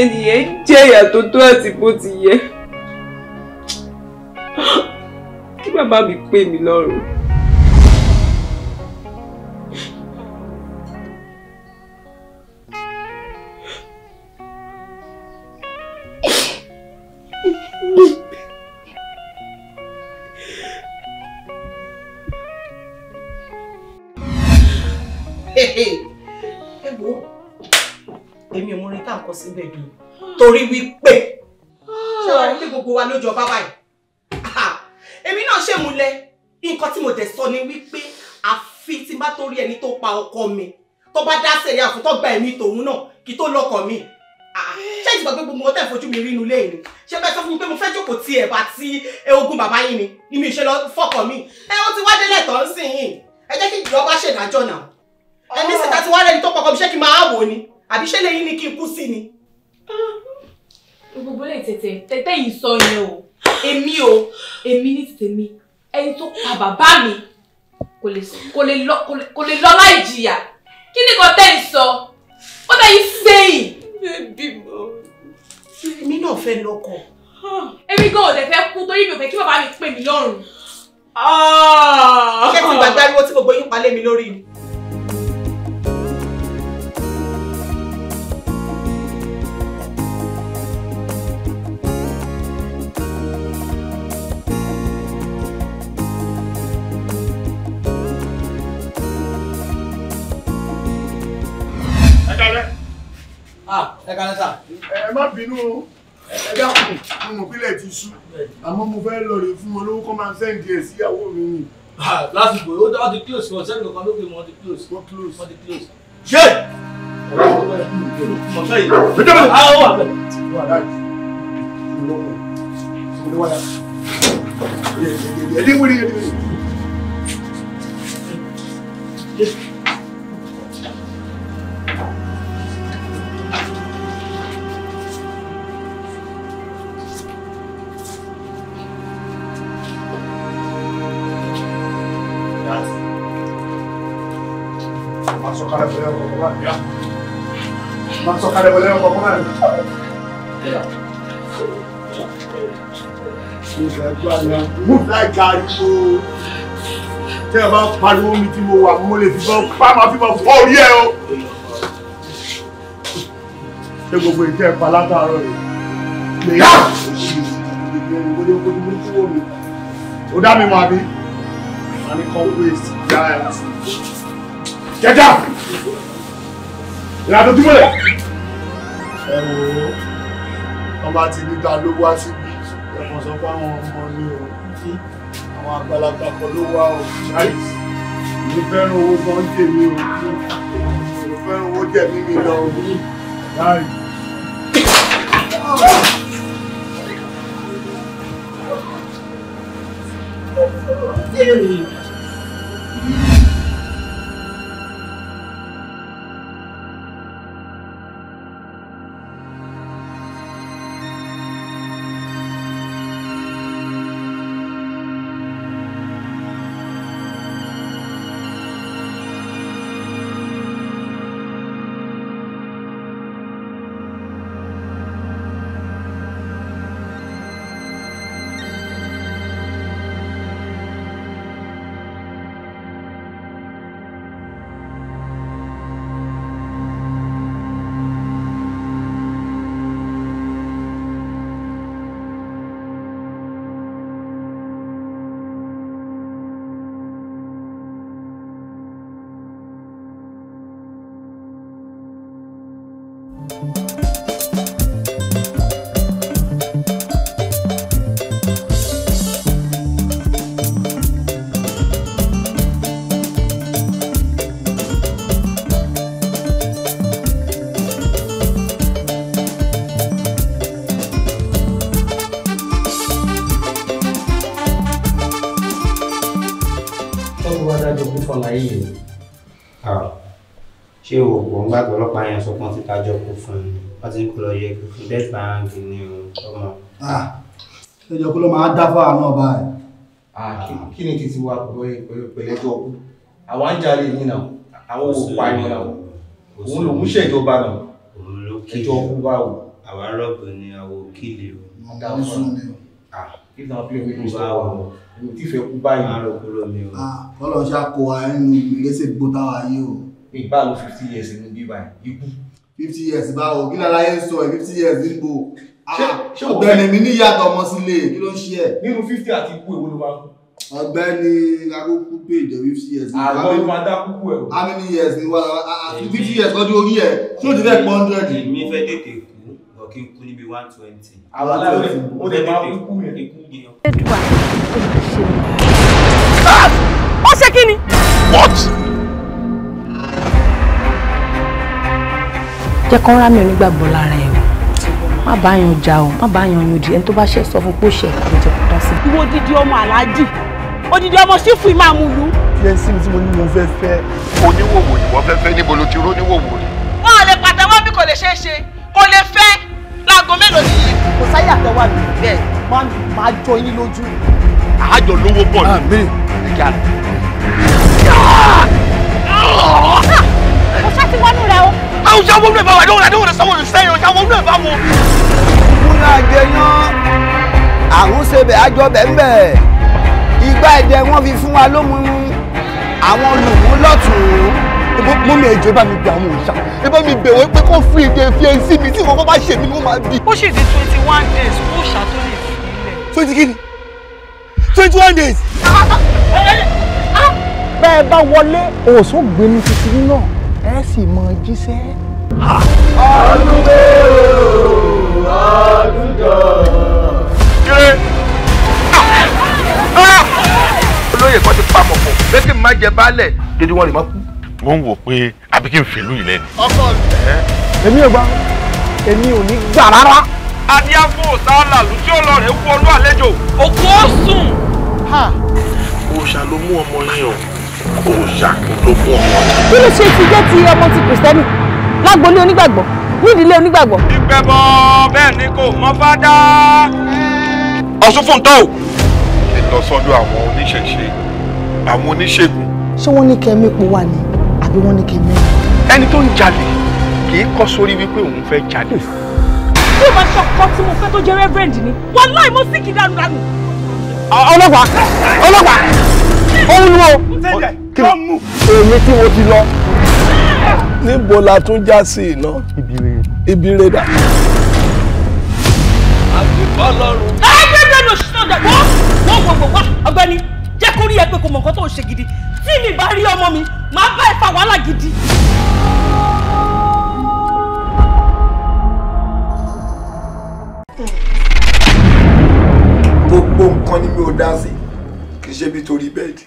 ẹnìyẹn jẹ́ ìyà tó tó àti bó ti yẹ kí bàbá mi pè mí lọ́rùn. gbẹ̀du torí wípé ṣé wàá rí pé gbogbo wa ló jọ bá báyìí èmi náà ṣèmúlẹ̀ nǹkan tí mo dẹ̀ sọ ni wípé àfi tí n bá torí ẹni tó pa ọkọ mi tó bá dá sẹ̀rí àfúntọ́ gba ẹ̀mí tòun náà kí tó lọ́kọ̀ mi ṣé ìgbà pé gbogbo ọtẹ ìfojú mi rí inú ilé mi ṣé bẹ́ẹ̀ sọ fún mi pé mo fẹ́ jókòó ti ẹ̀bà tí ogun bàbá yìí ni ni mi ṣe lọ fọkàn mi ẹ ó ti wá délẹ̀ tán sí yìí ẹ jẹ́ kí ìjọba ṣèdájọ́ náà ẹni síta ti wá rẹ́ni tó pọkàn mi ṣé kí n máa wò ni àbí ṣé lẹ́yìn ni kí n kú sí ni gbogbo lè tètè tètè yìí sọ yẹn o èmi o èmi ní tèmi ẹni tó pa bàbá mi kò lè kò lè lọ láì jìyà kí ni kò tẹ́ ì sọ ó tẹ́ ì sẹ́yìn. èmi náà fẹ́ lọ́kọ. èmi gan ò lè fẹ́ kú torí mi ò fẹ́ kí bàbá mi pè mí lọ́rùn. ṣé ah. ti ariwo tí gbogbo yín pa mi lórí ni. ká ẹ má bínú ẹ dákun mo mọ̀ pílẹ̀ ti sú àmọ́ mo fẹ́ lọ rè fún wọn kọ́ máa ń sẹ́ǹdì ẹ̀ síyàwó mi ni. lásìkò ó dáwọ́ ti close wọn sẹ́ǹdì kan lókè wọn ti close. wọ́n close. wọ́n ti close. ṣé. ọ̀sẹ̀ yìí. àwọn wà wà láti ìlú wà láti. ẹ̀ẹ́dẹ́gbẹ̀rẹ̀ de Come on. Yeah. Máa sọ kalẹ̀ bọ̀lẹ́ ọkọ̀ kọ́mọ̀ rẹ̀. Move like garibo. Tẹ́ ẹ bá pariwo mi tí mo wà, mo lè fi bọ́ pa máa fi bọ́ fọ́ orí ẹ o. Ṣé gbogbo ìjẹ́ ẹ̀pà látàárọ̀ rẹ̀? Gbéyà! Ó dá mi mọ̀ àbí? Àní kan wéèsì. Get down! ìlànà ojúmọ́lẹ̀. ẹ wo wọn bá ti níta ló wá síbi ẹ̀fọn sọ pé àwọn ọmọ ní o àwọn àgbàlagbà kan ló wá o mo fẹ́ràn owó kan ń tèmi o mo fẹ́ràn owó tẹ̀mí mi lọ o láì. Thank Thank you. kájọ kó fún mi wọ́n ti kó lọ yẹ kó fún bẹ́ẹ̀ bá ń gbin ní ọmọ. ṣèjọ kó ló máa dá fáwọn náà báyìí. kí ni títí wa pẹ̀lẹ́jọ́ àwọn ń jalè ní náà àwọn ò pariwo náà òun lòún ṣèjọba náà ẹjọ́ kú bá wò. àwa rọ́ọ̀bù ni àwọn òkìlì o. dáhùn sùn ni o if na play wey you start wa o ti fẹ́ kú báyìí máa kúrò ní o. kọ́lọ̀ ṣáà kó wa nínú ìgbésẹ̀ gbótáwa yìí o. ìgbà ló fifty years nínú bíbá ikú fifty years báwo kí lára yẹn sọ ẹ fifty years níbo ah, ọ̀gbẹ́ni mi níyàtọ̀ ọmọ sílé kí ló ń ṣe ẹ. nínú fifty àti ikú èwo ló máa kú. ọ̀gbẹ́ni akókó pé ìjọ fifty years. àgọ́ ló máa dá kúkú ẹ̀ how many years ni wà á ah, ah, fifty years lọ́jọ́ orí ẹ̀ tí ó ti fẹ́ pọ̀ hundred. èmi fẹ́ tètè kú ọ̀kí n kú níbi one twenty. àwọn aláwẹ̀ ó lè máa kú yẹn. ó ṣe kí ni. what. jẹ́ kán rámì onígbàgbọ́ lára ẹ̀ má bá yan ọjà o má bá yan ọyàn di ẹni tó bá ṣe sọ fún pé ó ṣe ẹ̀ka ló jẹ́ kó dá sí. ìwọ odidi ọmọ aláàjì odidi ọmọ sífù ìmáàmù lu. yẹn sí mi tí mo ní mo fẹ́ fẹ́. oníwòwò ìwọ fẹ́ fẹ́ níbo ló ti ró níwòwò rẹ̀. wọn ò lè pàtẹ́wọ́ bí kò lè ṣeé ṣe kò lè fẹ́ láago mélòó nìyí. kò sáyà fẹ́ wà mí bẹ́ẹ̀ máa jọ yín lójú. àjọ lówó bọ̀ ni. àmín. ti wọnú rẹ o don't, y'all won't know if I, I don't, I don't understand what you're saying. Y'all won't know if I will. Múra jẹyán, àrùn ṣebẹ̀ àjọ bẹ́ẹ̀ ìgbà ẹ̀jẹ̀ wọ́n fi fún wa lómú àwọn lùmú lọ́tùn-ún. Mo mi ẹjọ́ bá mi bẹ àwọn òòṣà. Ẹ bá mi bẹ̀wẹ̀ pé kó fún ìdè fi ẹ̀ sí mi tí kòkó bá ṣe mí ni mo máa bí. Ó ṣe dé twenty one days kó ṣàtó lè fi ilẹ̀. Twenty kí ni? Twenty one days. Ah! Bẹ́ẹ̀ bá wọlé, òòsùn gbẹmí tuntun náà, ẹ sì mọ jíṣẹ́ ọdún mélòó ọdún jọ. olóyè kan ti pa mọ̀pọ̀ pé kí n má jẹ baálẹ̀ dédé wọn lè má kú. mo ń wò pé àbí kí n fèlú yìí lẹ́nu. ọkọ rẹ. èmi ò gbà èmi ò ní gbà rárá. adiafo sàálà lùsí ọlọrẹ wú ọlú àlejò òkú ó sùn. òòṣà ló mú ọmọ yẹn o òòṣà ló mú ọmọ. kí ló ṣe ti jẹ́ ti ọmọ ti kìrìsìtẹ́nì lágbolé onígbàgbọ́ nídìílé onígbàgbọ́. ìgbẹ́bọ bẹ́ẹ̀ ni kò mọ fádá. ọ̀sùn fún tó. ètò sọ́dọ̀ àwọn oníṣẹ̀ṣe àwọn oníṣègùn. ṣé wọ́n ní kẹ́mi pò wà ní àbí wọ́n ní kẹ́mi. ẹni tó ń jalè kì í kọ́ sórí wípé òun fẹ́ jalè. bí o bá ṣọkọ tí mo fẹ́ tó jẹ́ rẹ́fẹ̀rẹ̀ndì ni wọ́n láì mọ́ síkì dànù dànù. ọlọ́pàá ọlọ́pàá òun ni o. èmi tí mo ti lọ níbo la tún já sí iná. ibi rẹ̀dà. àbíkọ́ lọ́rùn. ẹ gbé gbẹ́nu òṣìṣẹ́ ọ̀dà wọ́n wọ́n wọ́n wọ́n wá ọ̀gbẹ́ni jẹ́ kó rí ẹ pé kò mọ̀ nǹkan tó ń ṣe gidi tí mi bá rí ọmọ mi màá bá ẹ fa wàhálà gidi. gbogbo nǹkan ni mi ò dá sí kì í ṣe bí torí bẹ́ẹ̀dì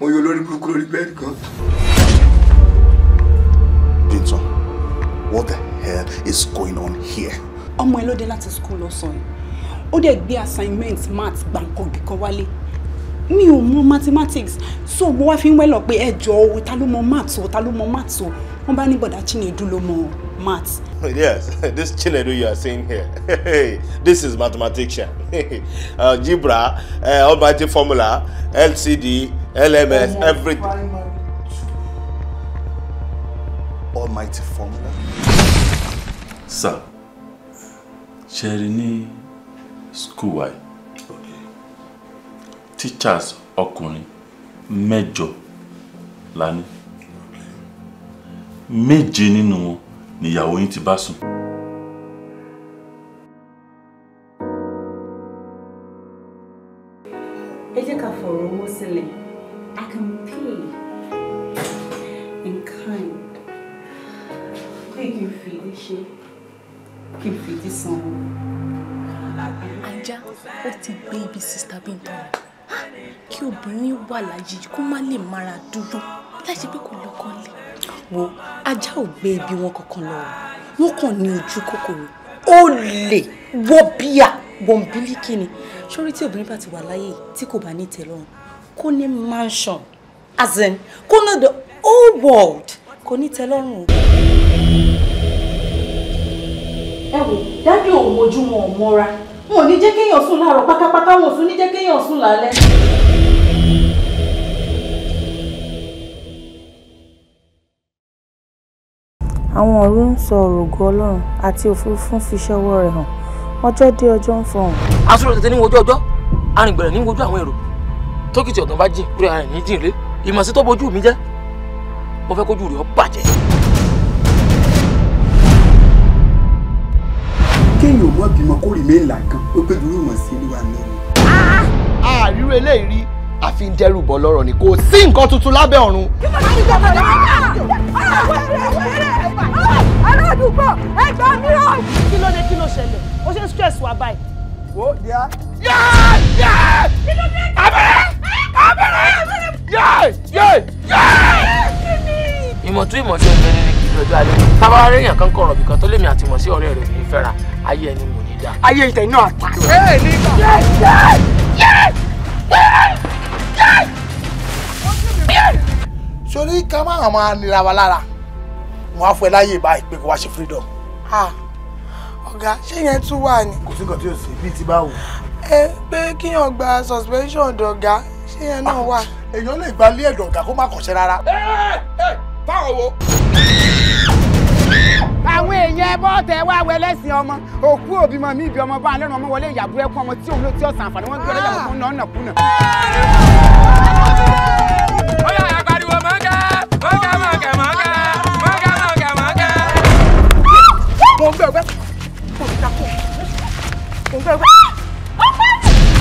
mo yọ lórí burúkú lórí bẹ́ẹ̀dì gan. Dayton, what the hell is going on here? Ọmọ my ló dé láti school also. Oh, Ó be assignments, maths gbàǹkangbì kan Me Mi ò mathematics so mo wá fi ń wẹ́lọ̀ pé ẹ jọ̀ọ́ o ta ló mọ maths o ta ló mọ maths o. Wọ́n bá ní bọ̀dá do ló mọ maths. Oh, yes, this chile do you are seeing here, this is mathematician. Algebra, uh, uh, almighty formula, LCD, LMS, everything almighty formula. sir Cherini, rí school wa yìí teachers ọkùnrin mẹ́jọ Lani, ní méje nínú wọn níyàwó yín ti bá sùn. ẹ jẹ́ ká fọ̀rọ̀ ṣe kí n fìdí san o. ajá ó ti gbé ibi sista Bíntọ́ rẹ̀ kí obìnrin wà láyé kó má lè mara dúró láti pé kò lọ́kọ́ lé. wo ajá ò gbé ibi wọn kankan lọ wọn kàn ní ojú kòkòrò ó lè wọ bíà wọn bílíkì ni sórí tí obìnrin bá ti wà láyé tí kò bá ní ìtẹ́lọ́rùn kó ní mansion as in kó ní the whole world kò ní ìtẹ́lọ́rùn o ẹ wò dájú òun mojú wọn ò mọ́ra wọn ò ní jẹ́ kéèyàn sùn láàárọ̀ pátápátá wọn ò tún ní jẹ́ kéèyàn sùn lálẹ́. àwọn ọ̀run ń sọ ọ̀rọ̀ ògo ọlọ́run àti òfurufú fi ṣọwọ́ rẹ̀ hàn ọjọ́ dé ọjọ́ ń fọhùn. aṣọ́rọ̀ tètè ní wojú ọjọ́ arìngbẹ̀rẹ̀ ní wojú àwọn èrò tókìtì ọ̀gán bá jìn kúrẹ́ ara ẹ̀ ní jìn lé ìmọ̀sí tó bojú mi jẹ́ mo fẹ́ kójú rẹ̀ ó bàjẹ́. má bímọ kó remain làkàn ó pé dúró mọ̀ sí olúwa lọ́rùn. àríwó eléyìí rí àfi ń dẹ́rù bọ̀ lọ́rọ̀ ni kò sí nǹkan tuntun lábẹ́ ọ̀run. aládùúgbò ẹgbẹ́ mìíràn. kí ló dé kí ló ṣẹlẹ̀ ó ṣe ń stress wa báyìí. wo díà. yéé yéé abẹ́rẹ́ abẹ́rẹ́ yéé yéé yéé. ìmọ̀ tún ìmọ̀ tí ó ń bẹ nínú ìlú ọjọ́ alẹ́ tábàárẹ̀ èèyàn kan kọ̀rọ̀ bìkan tó lèmi àti mọ̀ sí ọ̀rẹ́ rẹ̀ ò ayé ẹni mò ní dá. ayé ìtẹ̀ iná àtà. ẹ ní ká. yẹ yẹ yẹ yẹ yẹ. sori ká má hàn máa nira wa lára wọn á fọ ẹ láyè bá ìpè kó wá ṣe freedom. ọ̀gá ṣé yẹn tún wà ní. kò sí nǹkan tí yóò ṣe bíi ti báwo. ẹ pé kíyàn gba suspension dọ̀gá ṣé yẹn náà wà. Ah, èèyàn lè gba ilé ẹ̀dọ̀gá kó má kọ̀ṣẹ́ rárá. ẹ ẹ báwo wo àwọn èèyàn ẹbọ tẹ wá wẹ lẹsìn ọmọ òkú òbí mọ mi ìbí ọmọ bá alẹ́nu ọmọ wọlé ìyàbú ẹkún ọmọ tí òun ló tí ọ̀sán àǹfààní wọn gbé ọlọ́yà fún náà kùnà. ó yà á pariwo mọ́kà mọ́kà mọ́kà mọ́kà mọ́kà mọ́kà mọ́kà. mo ń bẹ ọgbẹ mo ti dàpọ̀ mo ń bẹ ọgbẹ.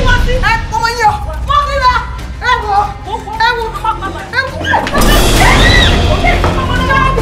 wọ́n ti ẹ ọmọ yìí ọ wọ́n ti ra ẹ wọ ẹ wọ ẹ wọ.